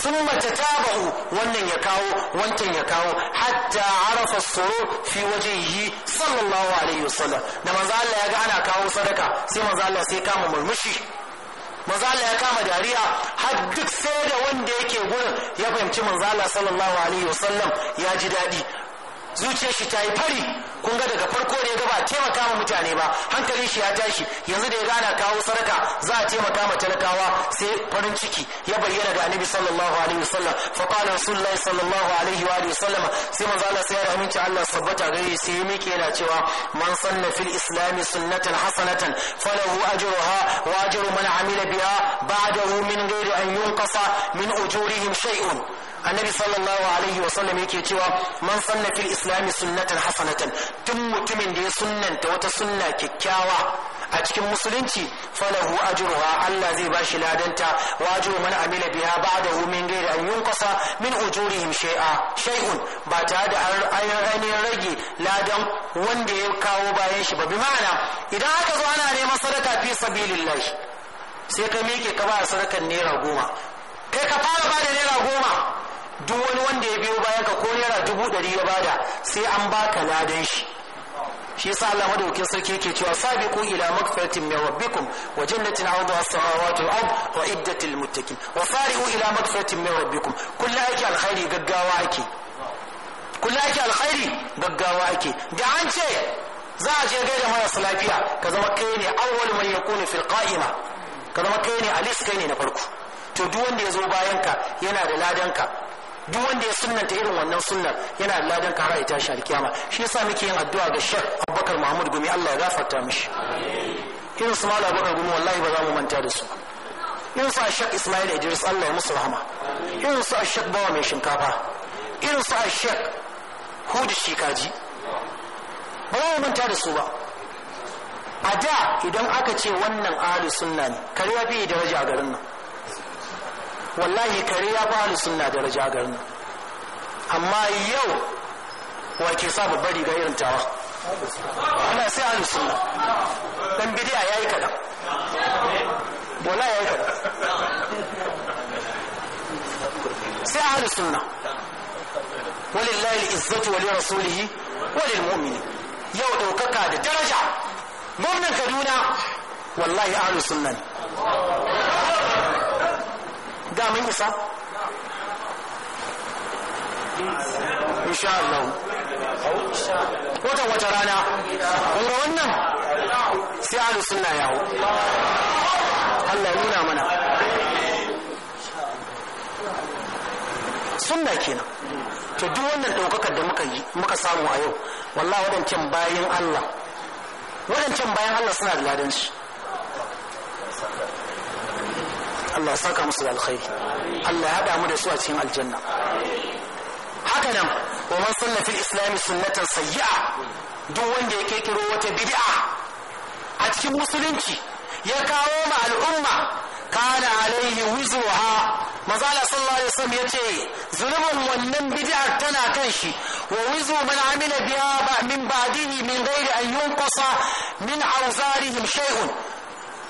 sun mace taba'u wannan ya kawo wancan ya kawo hatta arafa suru fi waje yi sallallahu alaihi wasallam da manzo Allah ya ga ana kawo sadaka sai manzo Allah sai kama murmushi manzo Allah ya kama dariya har duk sai da wanda yake gurin ya fahimci manzo Allah sallallahu alaihi wasallam ya ji daɗi zuciyar shi ta yi fari kun ga daga farko da ya ga ba taimaka ma mutane ba hankalin shi ya tashi yanzu da ya gana kawo sarka za a taimaka ma talakawa sai farin ciki ya bayyana ga annabi sallallahu alaihi wasallam fa qala rasulullahi sallallahu alaihi wa alihi sai manzo Allah sai ya rahinci Allah sabbata gare sai ya miƙe yana cewa man sanna fil islam sunnatan hasanatan falahu ajruha wa ajru man amila biha ba'dahu min ghairi an yunqasa min ujurihim shay'un annabi sallallahu alaihi wasallam yake cewa man sanna fil sunnatan hasanatan duk mutumin da ya sunnanta wata sunna kyakkyawa a cikin musulunci falahu ajruha Allah zai bashi ladanta wa ajru man amila biha ba'dahu min ghairi an yunqasa min ujurihim shay'a shay'un ba tare da an rage ladan wanda ya kawo bayan shi ba bi ma'ana idan aka zo ana neman sadaka fi sabilillah sai ka miƙe ka ba sadakan naira goma kai ka fara ba da naira goma duk wani wanda ya biyo bayan ka ko naira dubu ɗari ya bada sai an baka ladan shi shi yasa Allah madaukakin sarki yake cewa sabiqu ila magfiratin min rabbikum wa jannatin 'arduha as-samawati wal wa 'iddati lil muttaqin wa sari'u ila magfiratin min rabbikum kullu ake alkhairi gaggawa ake kullu ake alkhairi gaggawa ake da an ce za a je gaida marasa lafiya ka zama kai ne awwal man yakunu fil qa'ima ka zama kai ne alis kai ne na farko to duk wanda ya zo bayan ka yana da ladan ka duk wanda ya sunnanta irin wannan sunnar yana da ladan kara ita shi alkiyama shi yasa muke yin addu'a ga shek abubakar mahmud gumi allah ya gafarta mishi irin su malam abubakar gumi wallahi ba za mu manta da su irin su ashek ismail idris allah ya musu rahama irin su ashek bawa mai shinkafa irin su ashek hudu shikaji ba za mu manta da su ba a da idan aka ce wannan ahli sunna ne ya fi daraja a garin nan wallahi kare ya fi ahlus sunna daraja garin amma yau wa ke bari ga irin tawa ana sai ahlus suna dan ya yi kada wallahi yi kada sai ahlus suna walillahi al-izzatu wa li rasulihi wa lil yau daukaka da daraja gwamnan Kaduna wallahi ahlus sunna ne da mun isa insha Allah wata wata rana kuma wannan sai ahlus sunna ya hau Allah nuna mana sunna kenan to duk wannan daukakar da muka yi muka samu a yau wallahi wadancan bayan Allah wadancan bayan Allah suna da ladanci Allah saka musu da alkhairi Allah ya damu mu da su a cikin aljanna haka nan wa man sanna islami sunnatan sayyi'a duk wanda ya ƙirƙiro wata bid'a a cikin musulunci ya kawo ma al'umma kana alaihi wizruha maza Allah sallallahu alaihi wasallam yace zunubar wannan bid'ar tana kan shi wa wizru man amila biha min ba'dihi min ghairi an yunqasa min awzarihim shay'un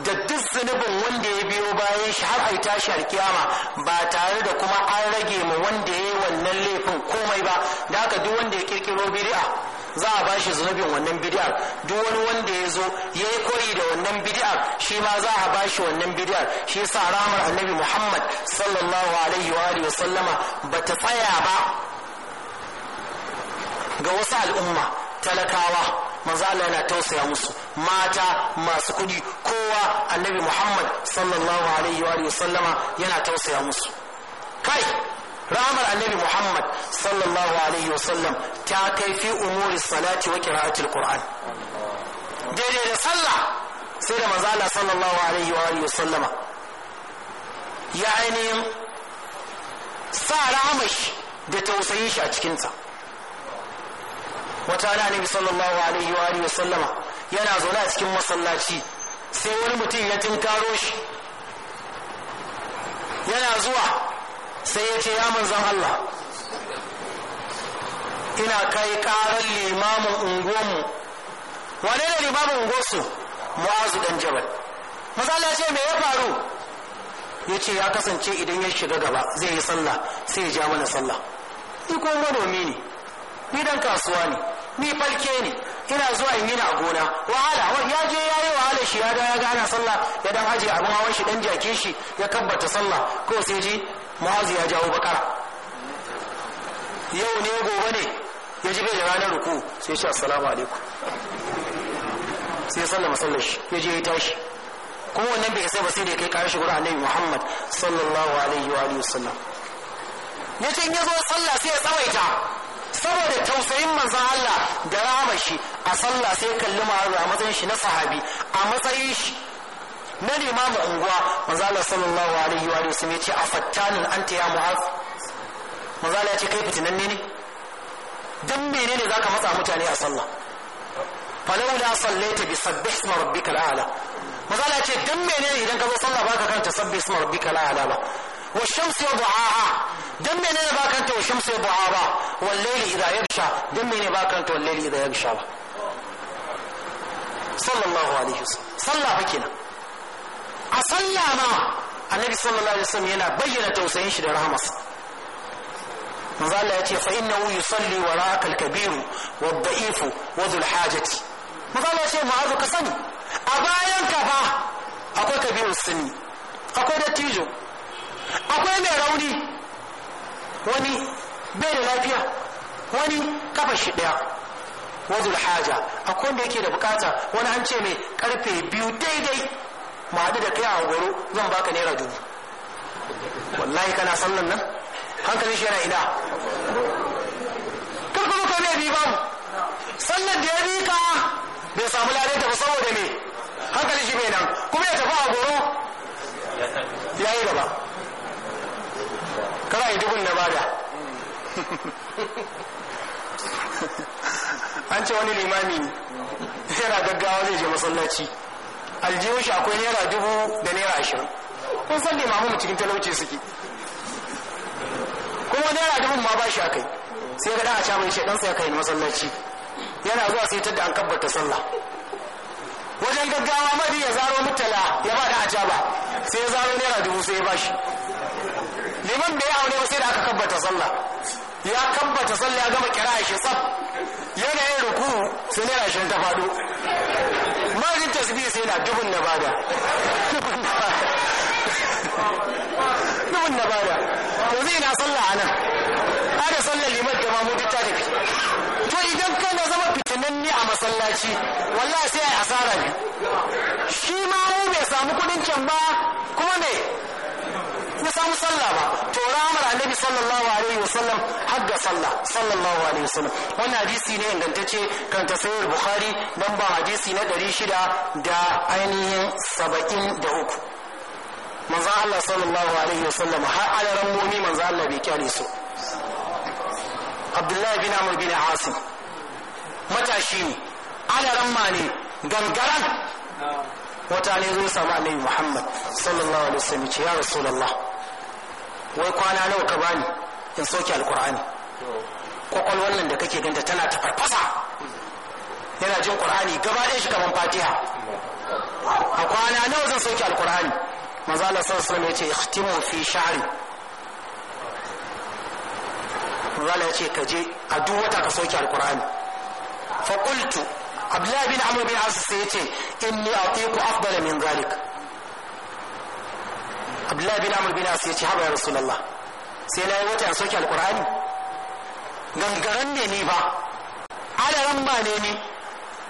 da duk zunubin wanda ya biyo bayan shi har ai tashi alkiyama ba tare da kuma an rage ma wanda ya yi wannan laifin komai ba da haka duk wanda ya kirkiro bidi'a za a ba shi zunubin wannan bid'ar duk wani wanda ya zo ya yi koyi da wannan bid'ar shi ma za a ba shi wannan bid'ar shi sa ramar annabi muhammad sallallahu alaihi wa alihi sallama ba ta tsaya ba ga wasu al'umma talakawa manzo Allah yana tausaya musu mata masu kudi kowa annabi Muhammad sallallahu alaihi wa sallama yana tausaya musu kai rahamar annabi Muhammad sallallahu alaihi wa sallam ta kai fi umuri salati wa qira'atil Qur'an daidai da sallah sai da manzo Allah sallallahu alaihi wa sallama ya ainihin sa ramashi da tausayin shi a cikinsa wata ana nabi sallallahu alaihi wa alihi sallama yana zaune a cikin masallaci sai wani mutum ya tinkaro shi yana zuwa sai ya ce ya manzan Allah ina kai karar limamin unguwanmu wane ne limamin unguwarsu mu'azu dan jabal misali ce me ya faru ya ce ya kasance idan ya shiga gaba zai yi sallah sai ya ja mana sallah ni ko manomi ne ni dan kasuwa ne ni falke ne ina zuwa in yi a gona wahala ya je ya yi wahala shi ya ga ya gana sallah ya dan haji abin hawan shi dan jakin shi ya tabbata sallah ko sai ji mu'azu ya jawo bakara yau ne gobe ne ya ji bai da ranar ruku sai shi assalamu alaikum sai sallama sallar shi ya je ya tashi kuma wannan bai sai ba sai da kai karshe gura annabi Muhammad sallallahu alaihi wa alihi wasallam yace in ya zo sallah sai ya tsawaita saboda tausayin manzan Allah da rahama shi a sallah sai kalli ma'aru a matsayin shi na sahabi a matsayin shi na limamu unguwa manzan Allah sallallahu alaihi wa alihi ya ce a fattanin anta ya mu'az manzan Allah ya ce kai fitinan ne dan menene zaka matsa mutane a sallah falaula sallaita bi sabbih isma rabbikal a'la manzan Allah ya ce dan menene idan ka zo sallah baka karanta sabbih isma rabbikal a'la ba wa shamsu wa du'aha dan menene ba kanta wa shamsu ya duha ba wallahi idza yaksha dan menene ba kanta wallahi idza yaksha ba sallallahu alaihi wasallam sallah ba kenan a sallah ma annabi sallallahu alaihi wasallam yana bayyana tausayin shi da rahamarsa manzo Allah ya ce fa innahu yusalli wara'aka al-kabiru wad-da'ifu wa dhul hajati manzo Allah ya ce mu'azu ka sani a bayan ka fa akwai kabirus sunni akwai dattijo akwai mai rauni wani bai da lafiya wani kafa shi daya da haja a kwanda yake da bukata wani an ce mai karfe biyu daidai ma da kai a goro zan baka naira dubu wallahi kana sallan nan hankalin shi yana ina karfi muka ne bi ba mu da ya bi ka bai samu lare ta ba saboda me hankalin shi bai nan kuma ya tafi a goro ya yi gaba kara yi dubun na bada an ce wani limami yana gaggawa zai je masallaci aljihun shi akwai naira dubu da naira ashirin kun san da imamu cikin talauci suke kuma naira dubu ma ba shi kai sai ga dan a caman shi ɗansa ya kai masallaci yana zuwa sai ta da an kabbata sallah wajen gaggawa madi ya zaro mutala ya ba da caba sai ya zaro naira dubu sai ya bashi liman bai aure ba sai da aka kabbata sallah ya kabbata sallah ya gama kira shi tsaf yana yin ruku sai ne rashin ta faɗo marin tasbih sai na dubun na bada dubun na bada to zai na sallah anan ada Sallah liman da mamu ta tafi to idan kana zama fitinanni a masallaci wallahi sai ai asara ne. shi ma mu bai samu kudin can ba kuma ne ku samu sallah ba to ramar annabi sallallahu alaihi wasallam har da sallah sallallahu alaihi wasallam wannan hadisi ne ingantacce kan tasawir bukhari dan ba hadisi na 600 da ainihin 73 manzo Allah sallallahu alaihi wasallam har alaran mumi manzo Allah bai kyale su Abdullahi bin Amr bin Asim matashi ne alaran ma ne gangaran wata ne zo samu annabi Muhammad sallallahu alaihi wasallam ya rasulullah wai kwana nawa ka bani in soke alkur'ani kwakwalwar nan da kake ganta tana ta farfasa yana jin qur'ani gaba ɗaya shi kamar fatiha a kwana nawa zan soke alkur'ani manzo Allah sallallahu alaihi wasallam yace ihtimu fi sha'ri manzo yace ka je a duk wata ka soke alkur'ani fa qultu abdullahi bin amr bin as sai yace inni atiku afdala min zalika abdullahi bin amr bin as ya ce haba ya rasulullah sai na yi wata ya soke alqur'ani gangaren ne ni ba adaran ba ne ni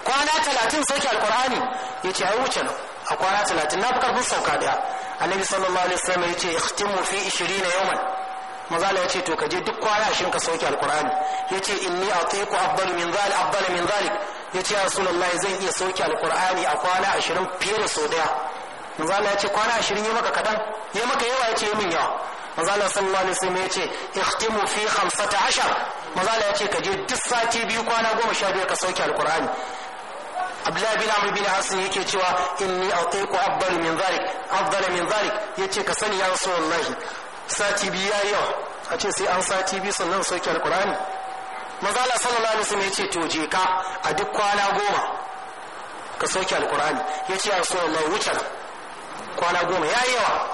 kwana talatin soke alƙur'ani ya ce ai wuce nan a kwana talatin na fi karfin sauka daya annabi sallallahu alaihi wasallam ya ce ikhtimu fi 20 yawman mazala ya ce to ka je duk kwana ashirin ka sauke alƙur'ani ya ce inni atiku afdalu min zalik afdalu min zalik ya ce ya rasulullahi zan iya sauke alƙur'ani a kwana ashirin fiye da sau ɗaya. manzo Allah ya ce kwana 20 ya maka kadan ya maka yawa ya ce min yawa manzo Allah sallallahu alaihi wasallam ya ce ikhtimu fi 15 manzo Allah ya ce ka je duk sati biyu kwana 12 ka sauke alqur'ani abdullahi bin amr bin ya yake cewa inni atiqu afdal min zalik afdal min zalik yace ka sani ya rasulullahi sati biyu ya yawa a ce sai an sati biyu sannan sauke alqur'ani Mazala sallallahu alaihi wasallam yace to je ka a duk kwana goma ka sauke alqur'ani yace ya rasulullahi wuce kwana goma ya yi yawa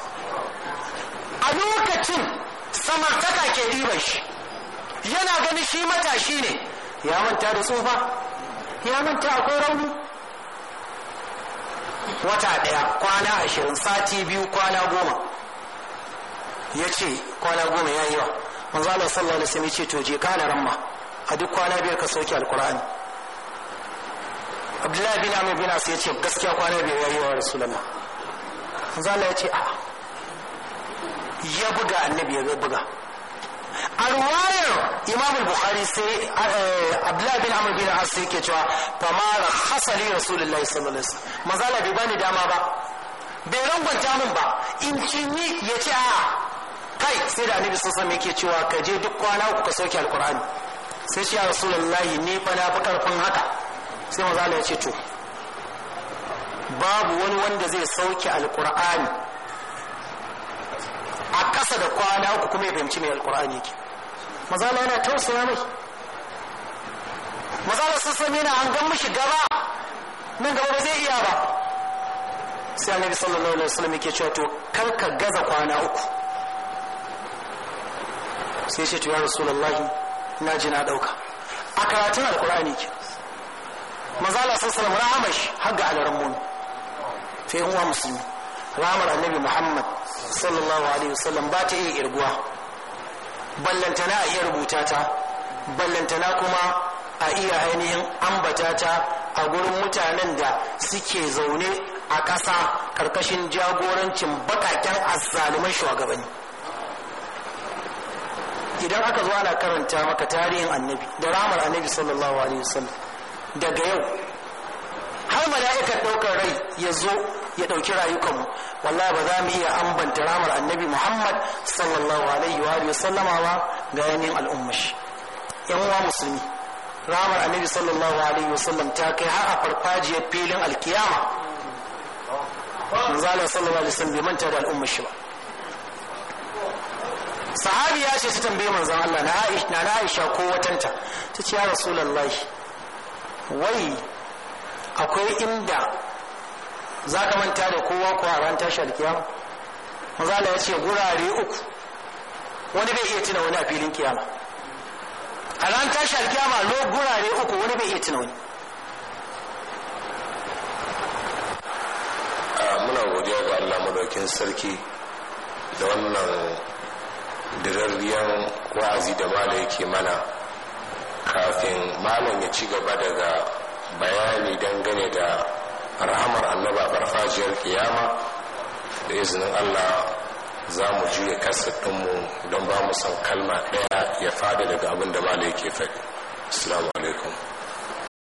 a lokacin samartaka ke ɗiban shi yana ganin shi matashi ne ya manta da tsufa ya manta akwai rauni wata ɗaya kwana ashirin sati biyu kwana goma ya ce kwana goma ya yi yawa manzo Allah sallallahu alaihi wasallam ya ce to je kana ramma a duk kwana biyar ka sauke alqur'ani Abdullahi bin Amr bin As ya ce gaskiya kwana biyar ya yi wa Rasulullah zala ya ce a ya buga annabi ya buga a ruwayar imam bukhari sai eh, abdullahi bin amr bin as yake cewa fa ma rahasali rasulullahi sallallahu alaihi wasallam mazala bai bani dama ba bai rangwanta min ba in ci ni ya ce a kai sai da annabi sun alaihi yake cewa ka je duk kwana uku ka sauke alkur'ani sai shi ya rasulullahi ne fa na fi karfin haka sai mazala ya ce to babu wani wanda zai sauke alkur'ani a ƙasa da kwana uku kuma ya fahimci mai alkur'ani yake mazala yana tausaya mai mazala sun san yana gan mashi gaba nan gaba ba zai iya ba sai annabi sallallahu alaihi wasallam yake cewa to kar ka gaza kwana uku sai ce to ya rasulullahi na ji na dauka a karatun alkur'ani ke mazala sun salam rahama shi har ga alaran sai yan musulmi ramar annabi muhammad sallallahu alaihi wasallam ba ta iya irguwa ballantana a iya rubuta ta ballantana kuma a iya ainihin ambata ta a gurin mutanen da suke zaune a ƙasa ƙarƙashin jagorancin baƙaƙen azzaluman shugabanni idan aka zo ana karanta maka tarihin annabi da ramar annabi sallallahu alaihi wasallam daga yau har mala'ikar ɗaukar rai ya zo ya ɗauki rayukanmu wallahi ba za mu iya ambanta ramar annabi muhammad sallallahu alaihi wa alihi sallama ba ga yanin al'ummashi. yan uwa musulmi ramar annabi sallallahu alaihi wasallam ta kai har a farfajiyar filin alkiyama manzala sallallahu alaihi wasallam bai manta da al'ummashi ba sahabi ya ce su tambaye manzon Allah na na Aisha ko watanta ta ce ya rasulullahi wai akwai inda za ka manta da kowa ko a ran tashi alkiyama manzala ya ce gurare uku wani bai iya tuna wani a filin kiyama a ran tashi alkiyama lo gurare uku wani bai iya tuna wani muna godiya ga Allah madaukin sarki da wannan dirarriyar wa'azi da da yake mana kafin malam ya ci gaba daga bayani dangane da rahamar annaba farfajiyar kiyama da izinin allah za mu juya kasa don ba mu san kalma ɗaya ya fada daga abin da malai ke faɗi assalamu alaikum